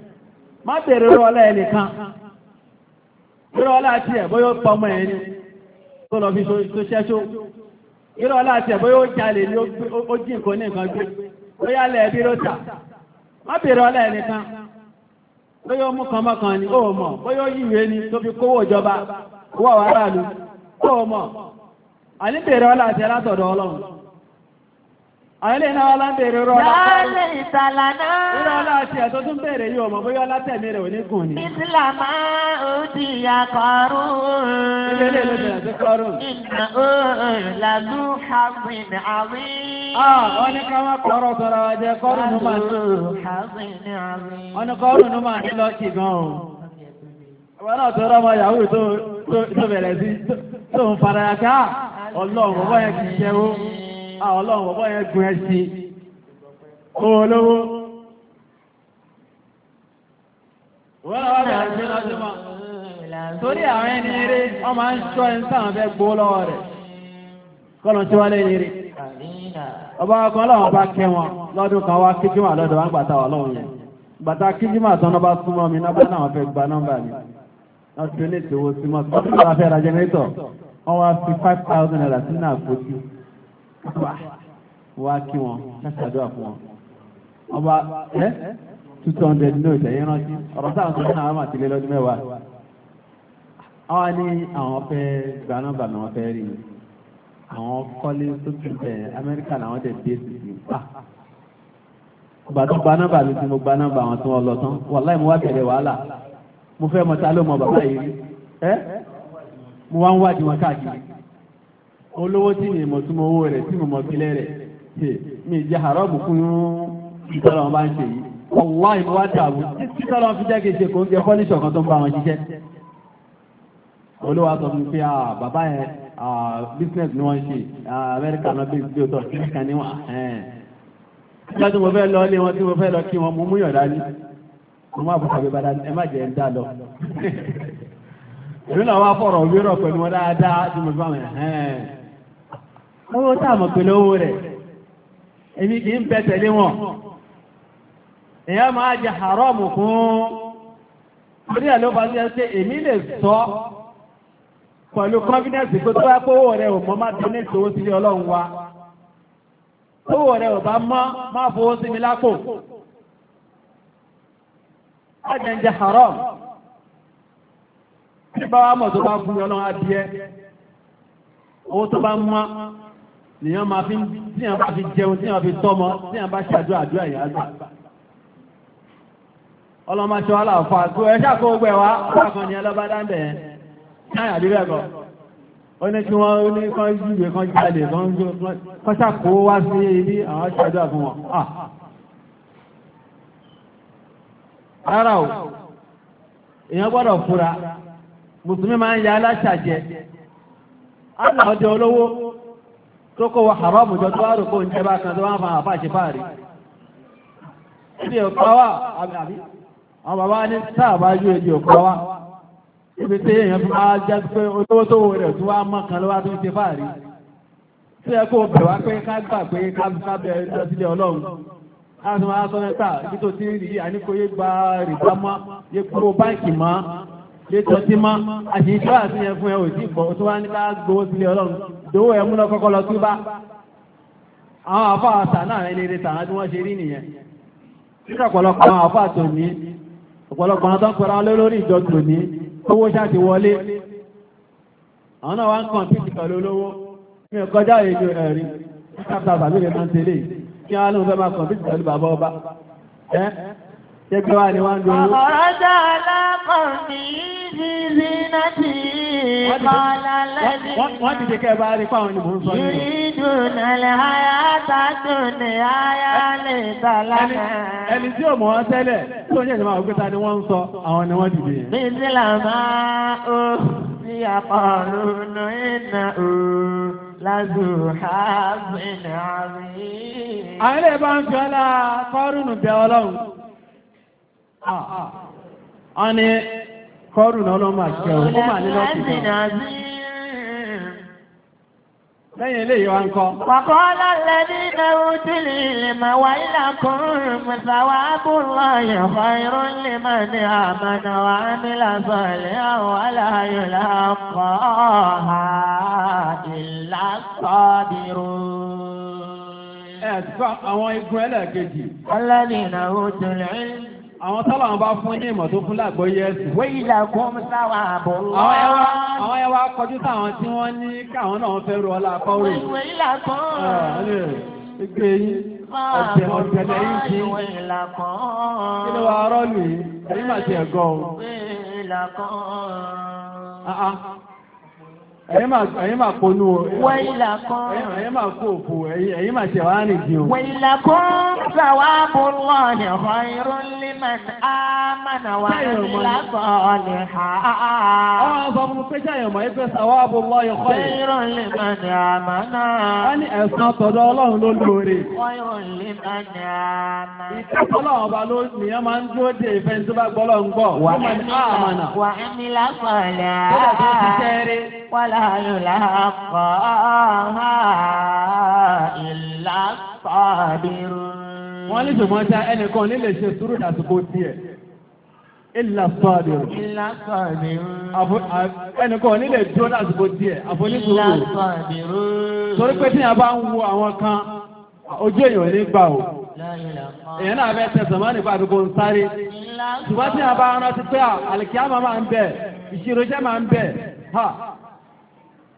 má bèèrè rọ́ọ̀lá ẹnìkan rọ́ọ̀lá tí ẹ̀ bóyá pọmọ ẹ̀ ní tó lọ fi tó ṣẹ́ṣó rọ́ọ̀lá ti ẹ̀ bóyá jalè ní ó nǹkan ní nǹkan gbé bóyá lẹ̀ bí ló tà má bèèrè rọ́ọ̀lá ẹnìkan bóyá ó mú ni ó mọ̀ bóyá ó yíwèé ni tó fi kówó ìjọba wọ́ wàhálà lu ó àwọn ilé náà lá ń bèèrè rọ́lá lálẹ́ ìsàlànà ìrọ́lá àti ẹ̀tọ́ tún bèèrè yóò mọ̀ bóyá látẹ̀mí rẹ̀ onígùn ni ìsìlàmà ó ti yà kọrùn ilé ilé ló bẹ̀rẹ̀ sí kọrùn ìnà ó làlú hàbìn àwìn wọ́n ní ká má kọ́rọ̀ sọ́ra wa jẹ́ kọ́rùn ní mà wọ́n ní kọ́rùn ní mà ní lọ́ọ̀kì gan o wọ́n náà tó rọ́mọ yahoo tó bẹ̀rẹ̀ sí tó ń fara Ah, ọlọ́run bọ́bọ́ yẹn gun ẹsí olówó wọ́n wá bẹ̀rẹ̀ sí lọ́jọ́mọ́ torí àwọn ẹni eré wọ́n máa ń ṣọ́ ẹni sáwọn fẹ́ gbó lọ́wọ́ rẹ̀ kọ́lọ̀ tí wọ́n lé eré ọba kan lọ́wọ́ bá kẹ́ wọn lọ́dún kan wá kíjímà lọ́dọ̀ wá ń gbàtà wà lọ́wọ́ yẹn gbàtà kíjímà tán bá súnmọ́ mi náà bá náà fẹ́ gba nọ́mbà mi wọ́n ti lè tèwọ́ sí mọ́ sí wọ́n ti lọ́wọ́ fẹ́ ra jẹ́nẹ́tọ̀ wọ́n wá wá kí wọn ṣàṣàdúrà fún wọn ọba ẹ two hundred ní òjò yẹn rántí ọ̀rọ̀ sáà tó ní àwọn àtìlẹ́ lọ́dún mẹ́wàá àwọn ní àwọn fẹ́ gba nọ́mbà mi wọ́n fẹ́ rí i àwọn kọ́lé tó tún bẹ̀ amẹ́ríkà làwọn dẹ̀ dé sí i pa ìgbà tó gba nọ́mbà mi tí mo gba nọ́mbà àwọn tí wọ́n lọ tán wàláì mo wá bẹ̀rẹ̀ wàhálà mo fẹ́ mọ̀ ló mọ bàbá yìí ẹ́ mo wá ń wádìí wọn káàkiri olówó tí mi mọ̀ tún mọ owó rẹ̀ tí mo mọ̀ kílẹ̀ rẹ̀ mi jẹ́ haram fún ìtọ́lọ̀ wọn bá ń ṣe yìí ọ̀wá ìmọ̀ wá dàbò tí tọ́lọ̀ wọn fi jẹ́ kí ṣe kò ń jẹ fọ́líṣọ̀ tó ń bá wọn ṣiṣẹ́ business ni wọ́n ṣe Amẹ́ríkà náà bí ìgbé ọ̀tọ̀ kíríkà ni wọ́n nígbà tí mo fẹ́ lọ ilé wọn tí mo fẹ́ lọ kí wọn mo mú yọ̀dá ní mo owó táàmù pẹ̀lú owó rẹ̀ kìí ń pẹ̀tẹ̀lé wọn èyàn máa jẹ haramu fún orí ẹ̀ ló bá jẹ́ lè sọ pẹ̀lú confidence pé tó rẹ̀ ò tó mọ̀ tó bá fún ọlọ́run á bí ẹ owó tó bá nìyàn máa fi tí a bá fi jẹun tí a fi tọ́mọ tí a bá ṣàdúrà àdúrà ìyá àgbà ọlọ́mọṣọ́ aláàfà kó ẹ ṣàkó ogbẹ̀ wá ọkọ̀ ni ẹlọ́bá dáńbẹ̀ ẹ̀ ṣáyà bí bẹ́ẹ̀ kọ́ ó ní kí wọ́n ní kán júwe kán jalè kán ṣàkó wá sí ibi àwọn ṣàdúrà fún wọn ah. rárá o èèyàn gbọ́dọ̀ fura mùsùlùmí máa ń ya aláṣàjẹ aláàjọ olówó tó kó wọ haramu jọ tó wárò kó ń jẹba kan tó wá ń fa àfá ṣe fáàrí ibi òkọwà àwọn bàbá ní sáàbá ju èdè òkọwà ibi tí èèyàn fi máa jẹ́ pé olówó tó rẹ̀ tó wá mọ́ kan ló wá tó ń ṣe fáàrí tí ẹ kó bẹ̀ wá pé ká gbà pé ká bẹ̀ lọ sílé ọlọ́run láti máa sọ mẹ́ta ibi tó ti rí àníkóyé gba rìbá mọ́ yé kúrò báńkì mọ́ yé tọ́tí mọ́ àti àti yẹn fún ẹ òsì tó wá ní ká gbowó sílé ọlọ́run dòwó ẹ̀ múná kọ́kọ́ lọ túbá àwọn àfá àtàná ẹni rẹ̀ tàná tí wọ́n ṣe rí nìyẹn nígbà ọ̀pọ̀lọpọ̀ àwọn àfá tòní ọ̀pọ̀lọpọ̀ àwọn tó ń pẹ̀lú olórí ìjọ tòní owó ṣáàtì wọlé àwọn náà wá ń kàn pípì pẹ̀lú olówó mi ò kọjá èdè ẹ̀rí kápítà bàbí rẹ̀ máa ń tẹ̀lé kí wọ́n á lóun fẹ́ máa kàn pípì pẹ̀lú bàbá ọba Ṣẹ́gbẹ́ wà ní wá ń gbọ́rọ̀. Ọ̀rọ̀dá alákọ̀ọ̀bí ti kọ́lá lẹ́bí. Wọ́n ti dẹ̀kẹ́ bá rí fáwọn ìbò ń sọ yìí. Ìdùnnà lè háyà tàtò ní háyà lè tàlákà. Ẹni tí ò mọ̀ wọ́n tẹ́lẹ̀ tí ó ń yẹ̀sẹ̀ máa wípé ta ni wọ́n sọ, àwọn ni wọ́n dìde. Àwọn ilé bá ń fi ọlá kọ́rùn bẹ Ọlọ́run a ní kọrù náà lọ́mà kẹwọ́ ó mà ní lọ́pìtì lẹ́yìn ilé ìwà ń kọ́. Wàkọ́lá lẹ́ni náà tí lè lè máa wà ìlà kan mùsàwá bùrọ̀ yẹ̀fọ́ irú lè máa ní àmàna wà ní àwọn igun ẹlẹ́ẹ̀kejì. Ọlọ́ni náà ó tún àwọn tọ́lọ̀ wọn bá fún ní ìmọ̀ tó fún lágbóyé ẹ̀sìn. wọ́n ilà kún sáwà àbọ̀ ńlá. àwọn ẹwà kọjú táwọn tí wọ́n ní káwọn náà fẹ́ rú ọlá kọ́rì. wọ́n ilà kún. gbé yín ọ̀jẹ̀ ọ̀jẹ̀ lẹ́yìn kí. wọ́n ilà kún. kí ló wàá rọ́ọ̀lù yìí? èyí màtí ẹ̀gọ́ o. wọ́n ilà kún ẹ̀yin máa kọnú ẹ̀yin máa kó òfò ẹ̀yin máa ṣẹ̀wá rìn jí o. wẹ̀yìnlá kún sàwá bó lọ ní ọ̀họ́ irun límàn ámànà wà lásọ̀ ní ha. ọ̀hún sọ fún mi pé ṣáà yọ̀mọ̀ ẹgbẹ́ sàwá bó lọ yọ̀kọ́ yìí. irun límàn ámànà. wọ́n ní ẹ̀sán tọ̀dọ̀ ọlọ́run ló lóore. irun límàn ámànà. ìtẹ́kọ̀ọ́ ọlọ́run ọba ló nìyẹn máa ń dúró de ìfẹ́ tó bá gbọ́ يلقاها إلا الصابرون wọ́n ní ṣùgbọ́n tí ẹnìkan nílé ṣe sùúrù àsìkò tiẹ̀ ìlà sọ́ọ̀dìrù ẹnìkan nílé dúró àsìkò tiẹ̀ àfoníṣòro torí pé tí a bá ń wo àwọn kan ojú èèyàn ní o èèyàn náà fẹ́ tẹ̀sán máa nípa àdúgbò ń sáré ṣùgbọ́n tí a bá rántí pé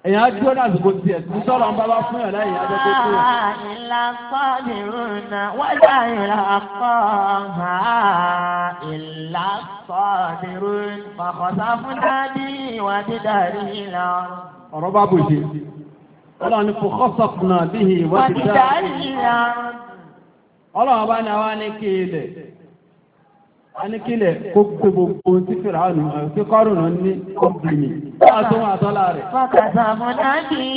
èyàn á dúró lásìkò tí ẹ̀ tí sọ́rọ̀ ń bá fún ẹ̀rẹ́ èyàn jẹ́ tó kúrò. ìlà kọ́ ni ìlà kọ́ ìlà kọ́ ni fún ìwà a ní kí ilẹ̀ kó gbogbo Àtúnwà àtọ́lá rẹ̀. Fọ́kàtà mọ́dájì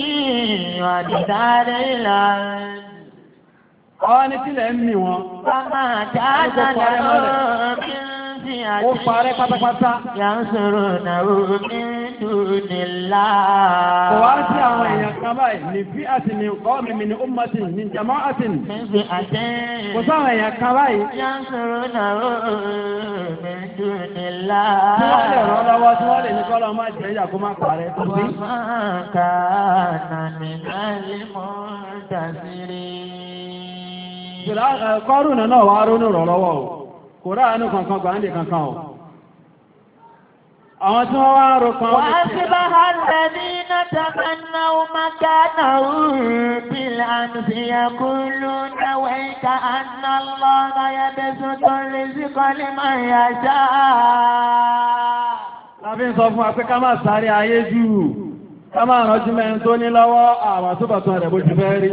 ọ̀dìdáre láàrin. Àwọn ní kílẹ̀ ń mì wọn. Bàbá àjá àjá àjá ó parẹ́ pátápátá. Yà ń sọ̀rọ̀ nàró mi dùnìlá. Kò wá sí àwọn èèyàn kan báyìí, ní fi àti ní ọkọ̀ mi mi ní ó mọ̀tì ní jàmọ́ àti ní. Fífi àtẹ́. Kò sáwọn èèyàn kan báyìí. Yà ń sọ̀rọ̀ nàró mi dùnìlá. Tí wọ́n lè rán lọ́wọ́ tí wọ́n lè ní kọ́lọ́ máa jẹ́ ìyà kó má parẹ́. Wọ́n máa ka nàní náà lè mọ́ dàsírí. Kọ́rùn náà wá rónú rọ̀ lọ́wọ́ o kò ráàánú kankan gbàndì kankan ọ̀ àwọn tí wọ́n wá ń ro kan wọ́n sí bá hàrẹ̀ ní iná tàbánà ọmọká náà ní máa yà já. Tàbí ń sọ fún wa pé ká máa sáré ayé jù, tó ní lọ́wọ́ àwọn àtúbàtún rẹ̀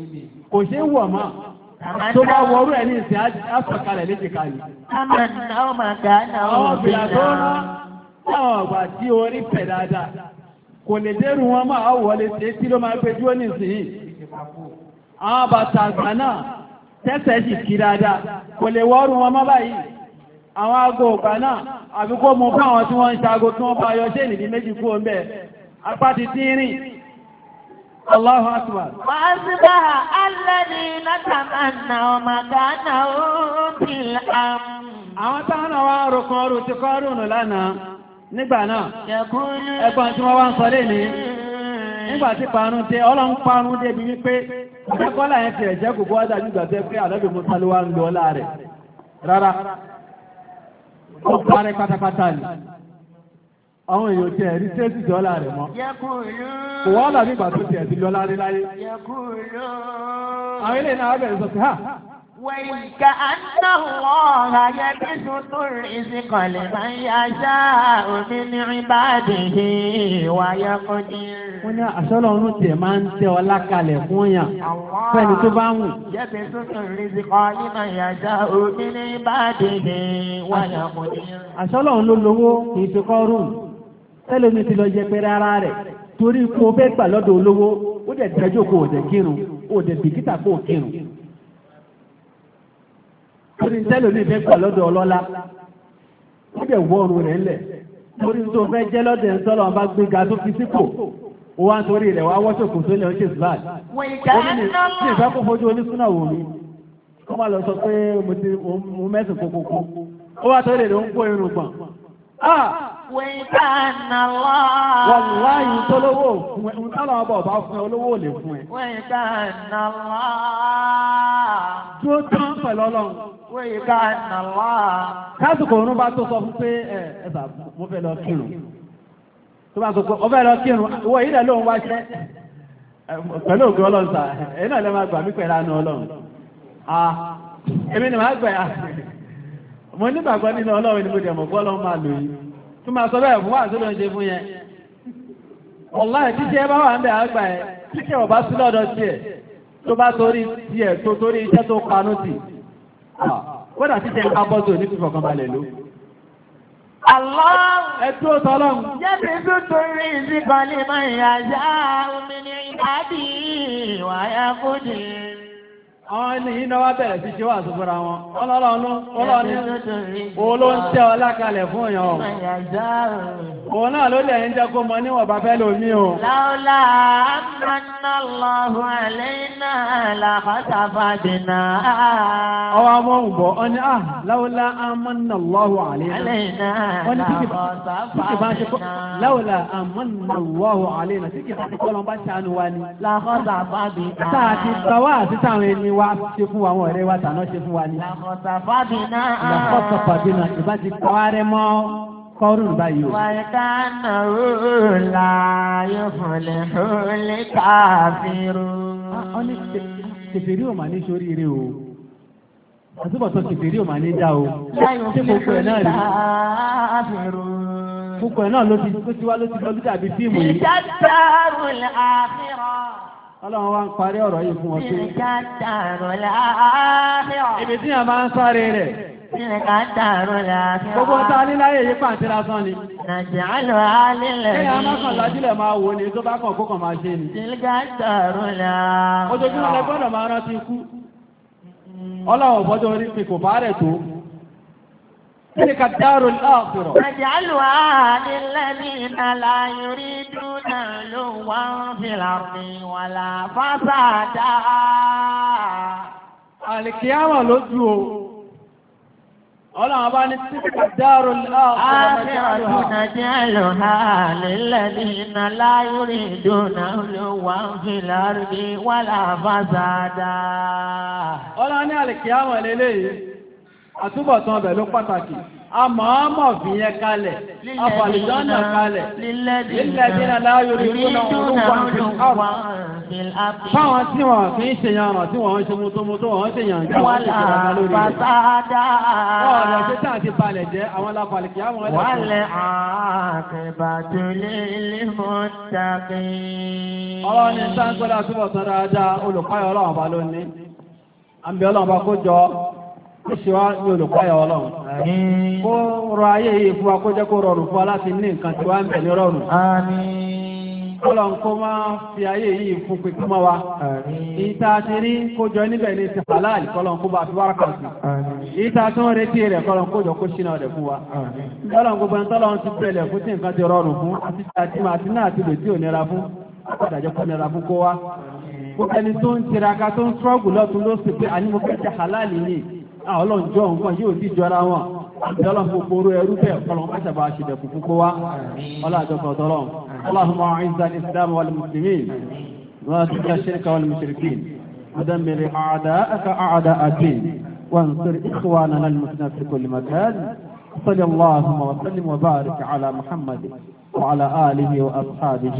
kò ṣe é wọ̀ mọ́ tó bá wọrú ẹ̀ ní ìsìn àṣọkalẹ̀ léjì kalẹ̀. àwọn bìlà tó rán táwọn ọ̀gbà tí orí pẹ̀ dáadáa kò lè dẹ́rù wọn máa wọlé tí tí ló máa gbé dúró nísìnyí. àwọn bàtà àgbàná tẹ́sẹ̀ sì kí dáadáa kò lè wọ́rù wọn má báyìí. àwọn aago ògbà náà àbíkó mu fún àwọn tí wọ́n ń ṣaago tí wọ́n bá yọ ṣé nìdí méjì kú ọ̀nbẹ apá ti tínrín الله أكبر وأصبح الذين تمنوا مكانه بالأمر ọrụ táwọn àwọn arùkùn ọrù ti kọrùnù lánàá nígbà náà ẹgbọ́n nígbà tí parun ọlọ́run parun wípé yẹn ti ẹ̀jẹ́ kò bọ́ọ̀dá jùgbà tẹ́ pé àlọ́bì musa ń lọ ọlá rẹ̀ rárá ó àwọn èèyàn tí ẹ̀rí tẹ́sì dọ́là rẹ̀ mọ́ kò wọ́n làbí ìgbà tó ti ẹ̀sì lọ́lá rí láyé àwọn ilé náà bẹ̀rẹ̀ sọ pé ha. Wẹ̀yìnkà àtàwọn ọ̀rọ̀ ayé bí tuntun ìsì kọ̀lẹ̀ máa ń yá ṣá omi ní ìbàdìhì wáyé fún ní. Wọ́n ní àṣọ́lọ̀ ọ̀run tiẹ̀ máa ń tẹ ọlá kalẹ̀ fún yàn fẹ́ni tó bá wù. Jẹ́bi tuntun ìsì kọ̀lẹ̀ máa ń yá ṣá omi ní ìbàdìhì wáyé fún ní. Àṣọ́lọ̀ ọ̀run ló lówó kì í ti kọ́ rúùn tẹ́lẹ̀mí ti lọ jẹ pẹ́rẹ́ ara rẹ̀ torí kó o fẹ́ gbà lọ́dọ̀ olówó ó dẹ̀ dẹ́jọ́ kó o dẹ̀ kírun ó dẹ̀ bìkítà kó o kírun. torí tẹ́lẹ̀mí fẹ́ gbà lọ́dọ̀ ọlọ́lá ó dẹ̀ wọ ọrùn rẹ̀ ńlẹ̀ torí tó fẹ́ jẹ́ lọ́dẹ̀ sọ́lọ́ ọba gbéga tó fi sípò ó wá ń torí rẹ̀ wá wọ́ṣọ̀ kò tó lẹ̀ ó ṣe islam. omi ní ìfẹ́ kó fojú onísúná wò mí kó má lọ sọ pé mo mẹ́sìn kókókó ó wá torí rẹ̀ ó ń kó irun gbọ̀n. Ah! Wẹ̀dánà lọ. Wàláyé fún ẹ, ntọ́lọ̀ ọba fún ẹ, olówó lè fún ẹ. Wẹ̀dánà lọ. Dúró tán pẹ̀lú ọlọ́run. òun bá tó sọ fún pé ẹ mo fẹ́ lọ kírun. Tó bá sọ pé ọ fẹ́ lọ kírun, ìwọ yìí lẹ̀ Pẹ̀lú ọlọ́run sà, èyí náà lè máa gbà mí pẹ̀lú àánú ọlọ́run. èmi ni màá Mo tó máa sọ bẹ́ẹ̀ fún wà tó lọ́n ṣe fún yẹn ọ̀láì títí ẹ bá wà ń bẹ̀ àgbà ẹ̀ títí ọ̀bá sí lọ́dọ̀ sí ẹ̀ tó bá torí sí ẹ̀ tó torí iṣẹ́ tó panú sí kódà títí ẹ bá bọ́tò ní fífọ̀ kan balẹ̀ ló. Allah ẹ̀tú ọ̀tọ́lọ́m. Jẹ́bi dúdú rí ìsìnkọ́lé mọ́ ìyàjá omi ní ìdádì wàyà fúdì àwọn ilé yìí náà wá bẹ̀rẹ̀ sí ṣe wà àtúgbòrà wọn ọlọ́lọ́ọ̀nú olóńtẹ́ ọlákalẹ̀ fún èèyàn òun náà ló lẹ̀ ń jẹ́ kó mọ níwọ̀n bá fẹ́ lómi o. láúlá amúnáláhùn àlẹ́yìnà làkọ́sàfàdìnà. ọwọ́ ọmọ òun bọ̀ ọ ní à ah, láúlá amúnáláhùn àlẹ́yìnà làkọ́sàfàdìnà. láúlá amúnáláhùn àlẹ́yìnà tí kìí bá ti kọ́ lọ́n bá ṣàánú wa ni. làkọ́sàfàdìnà. tá a ti wa ṣe fún wa àwọn ọ̀rẹ́ wa tàná ṣe fún wa ni. làkọ̀tàfàdínà làkọ̀tàfàdínà ìbá ti kọ́ mọ́ kọ́rùn báyìí o. wàlíkà náà la yóò fọlẹ̀ fọlẹ̀ káfíìrù. ọ ní kẹfẹ́rí ò mà ní sóríire o àtúbọ̀tọ̀ kẹfẹ́rí ò mà ní dá o. ṣé gbogbo ẹ̀ náà rí. gbogbo ẹ̀ náà ló ti wá ló ti lọ bí dàbí fíìmù yìí. ìjà sáà rò lè àfihàn. Ọlọ́run wá ń parí ọ̀rọ̀ yìí fún ọdún. Ibi tí a máa ń sáré rẹ̀. Gbogbo ta níláyé yí pàǹtíra sán ni. Nàìjíríà lọ alílẹ̀ yìí. a máa kàn lájílẹ̀ تلك الدار الآخرة نجعلها للذين لا يريدون علوا في الأرض ولا فسادا القيامة لجوه ọlọ́run bá ní tíkà dárò láàrín àjẹ́lùhà lẹ́lẹ́dì iná láyúrí ìdúnà olówà ń fi láàrín wà láàbá sáadà. ọlọ́run ní àlèkè àwọn àtúbọ̀tán ọbẹ̀ ló pàtàkì a máa mọ̀ fi yẹn kalẹ̀ afàlìjọ́nà kalẹ̀ lílẹ̀dínà láàyò ìrìnà fáwọn tí wọ́n fi ń ṣèyàn ọ̀nà tí wọ́n ń ṣe mútómútó wọ́n ṣèyàn jẹ́ wọ́n ṣe ṣẹ̀dá lórí rẹ̀ ọ̀rọ̀ títà àti balẹ̀ jẹ́ àwọn lápàlìkì àwọn ẹ̀dá wàlẹ̀ àkẹbàtò lélẹ̀ mọ́tàkì ọlọ́run ní sáńkọ́lá túbọ̀ tán dáadáa olùkọ́yọ̀ ọlọ́run bá lónìí ó ṣe wá ní olùkọ́yà ọlọ́run kó rọ ayé yìí fún wa kó jẹ́ kó rọrùn fún wa láti ní nǹkan tí wá ń bẹ̀ ní rọrùn ọlọ́run kó máa fi ayé yìí fún pípín mọ́ wa ìta ti rí kó jọ níbẹ̀ ní ti halal kọ́lọ́n kó bá fi wára kan sí ìta tó ń retí rẹ̀ kọ́lọ́n kó jọ kó ṣínà rẹ̀ fún wa ọlọ́run gbogbo ẹni tọ́lọ́run ti bẹ̀rẹ̀ fún tí nǹkan ti rọrùn fún àti àti àti náà ti lò tí ò nira fún àpàdàjọ́ kó nira fún kó wa gbogbo ẹni tó ń tiraka tó ń ṣọ́ọ̀gù lọ́tún ló sì pé àní mo fẹ́ jẹ halal yìí àwọn ọlọ́njọ́ nǹkan yóò ti jọra wọn àbíọ́lọ́ gbogbo orú ẹrú bẹ́ẹ̀ kọlọ̀ má ṣàbà ṣìdẹ̀kù púpọ̀ wá ọlọ́àjọsọ̀ tọ́lọ̀ اللهم أعز الإسلام والمسلمين وأذل الشرك والمشركين ودمر أعداءك أعداء الدين وانصر إخواننا المسلمين في كل مكان صلى اللهم وسلم وبارك على محمد وعلى آله وأصحابه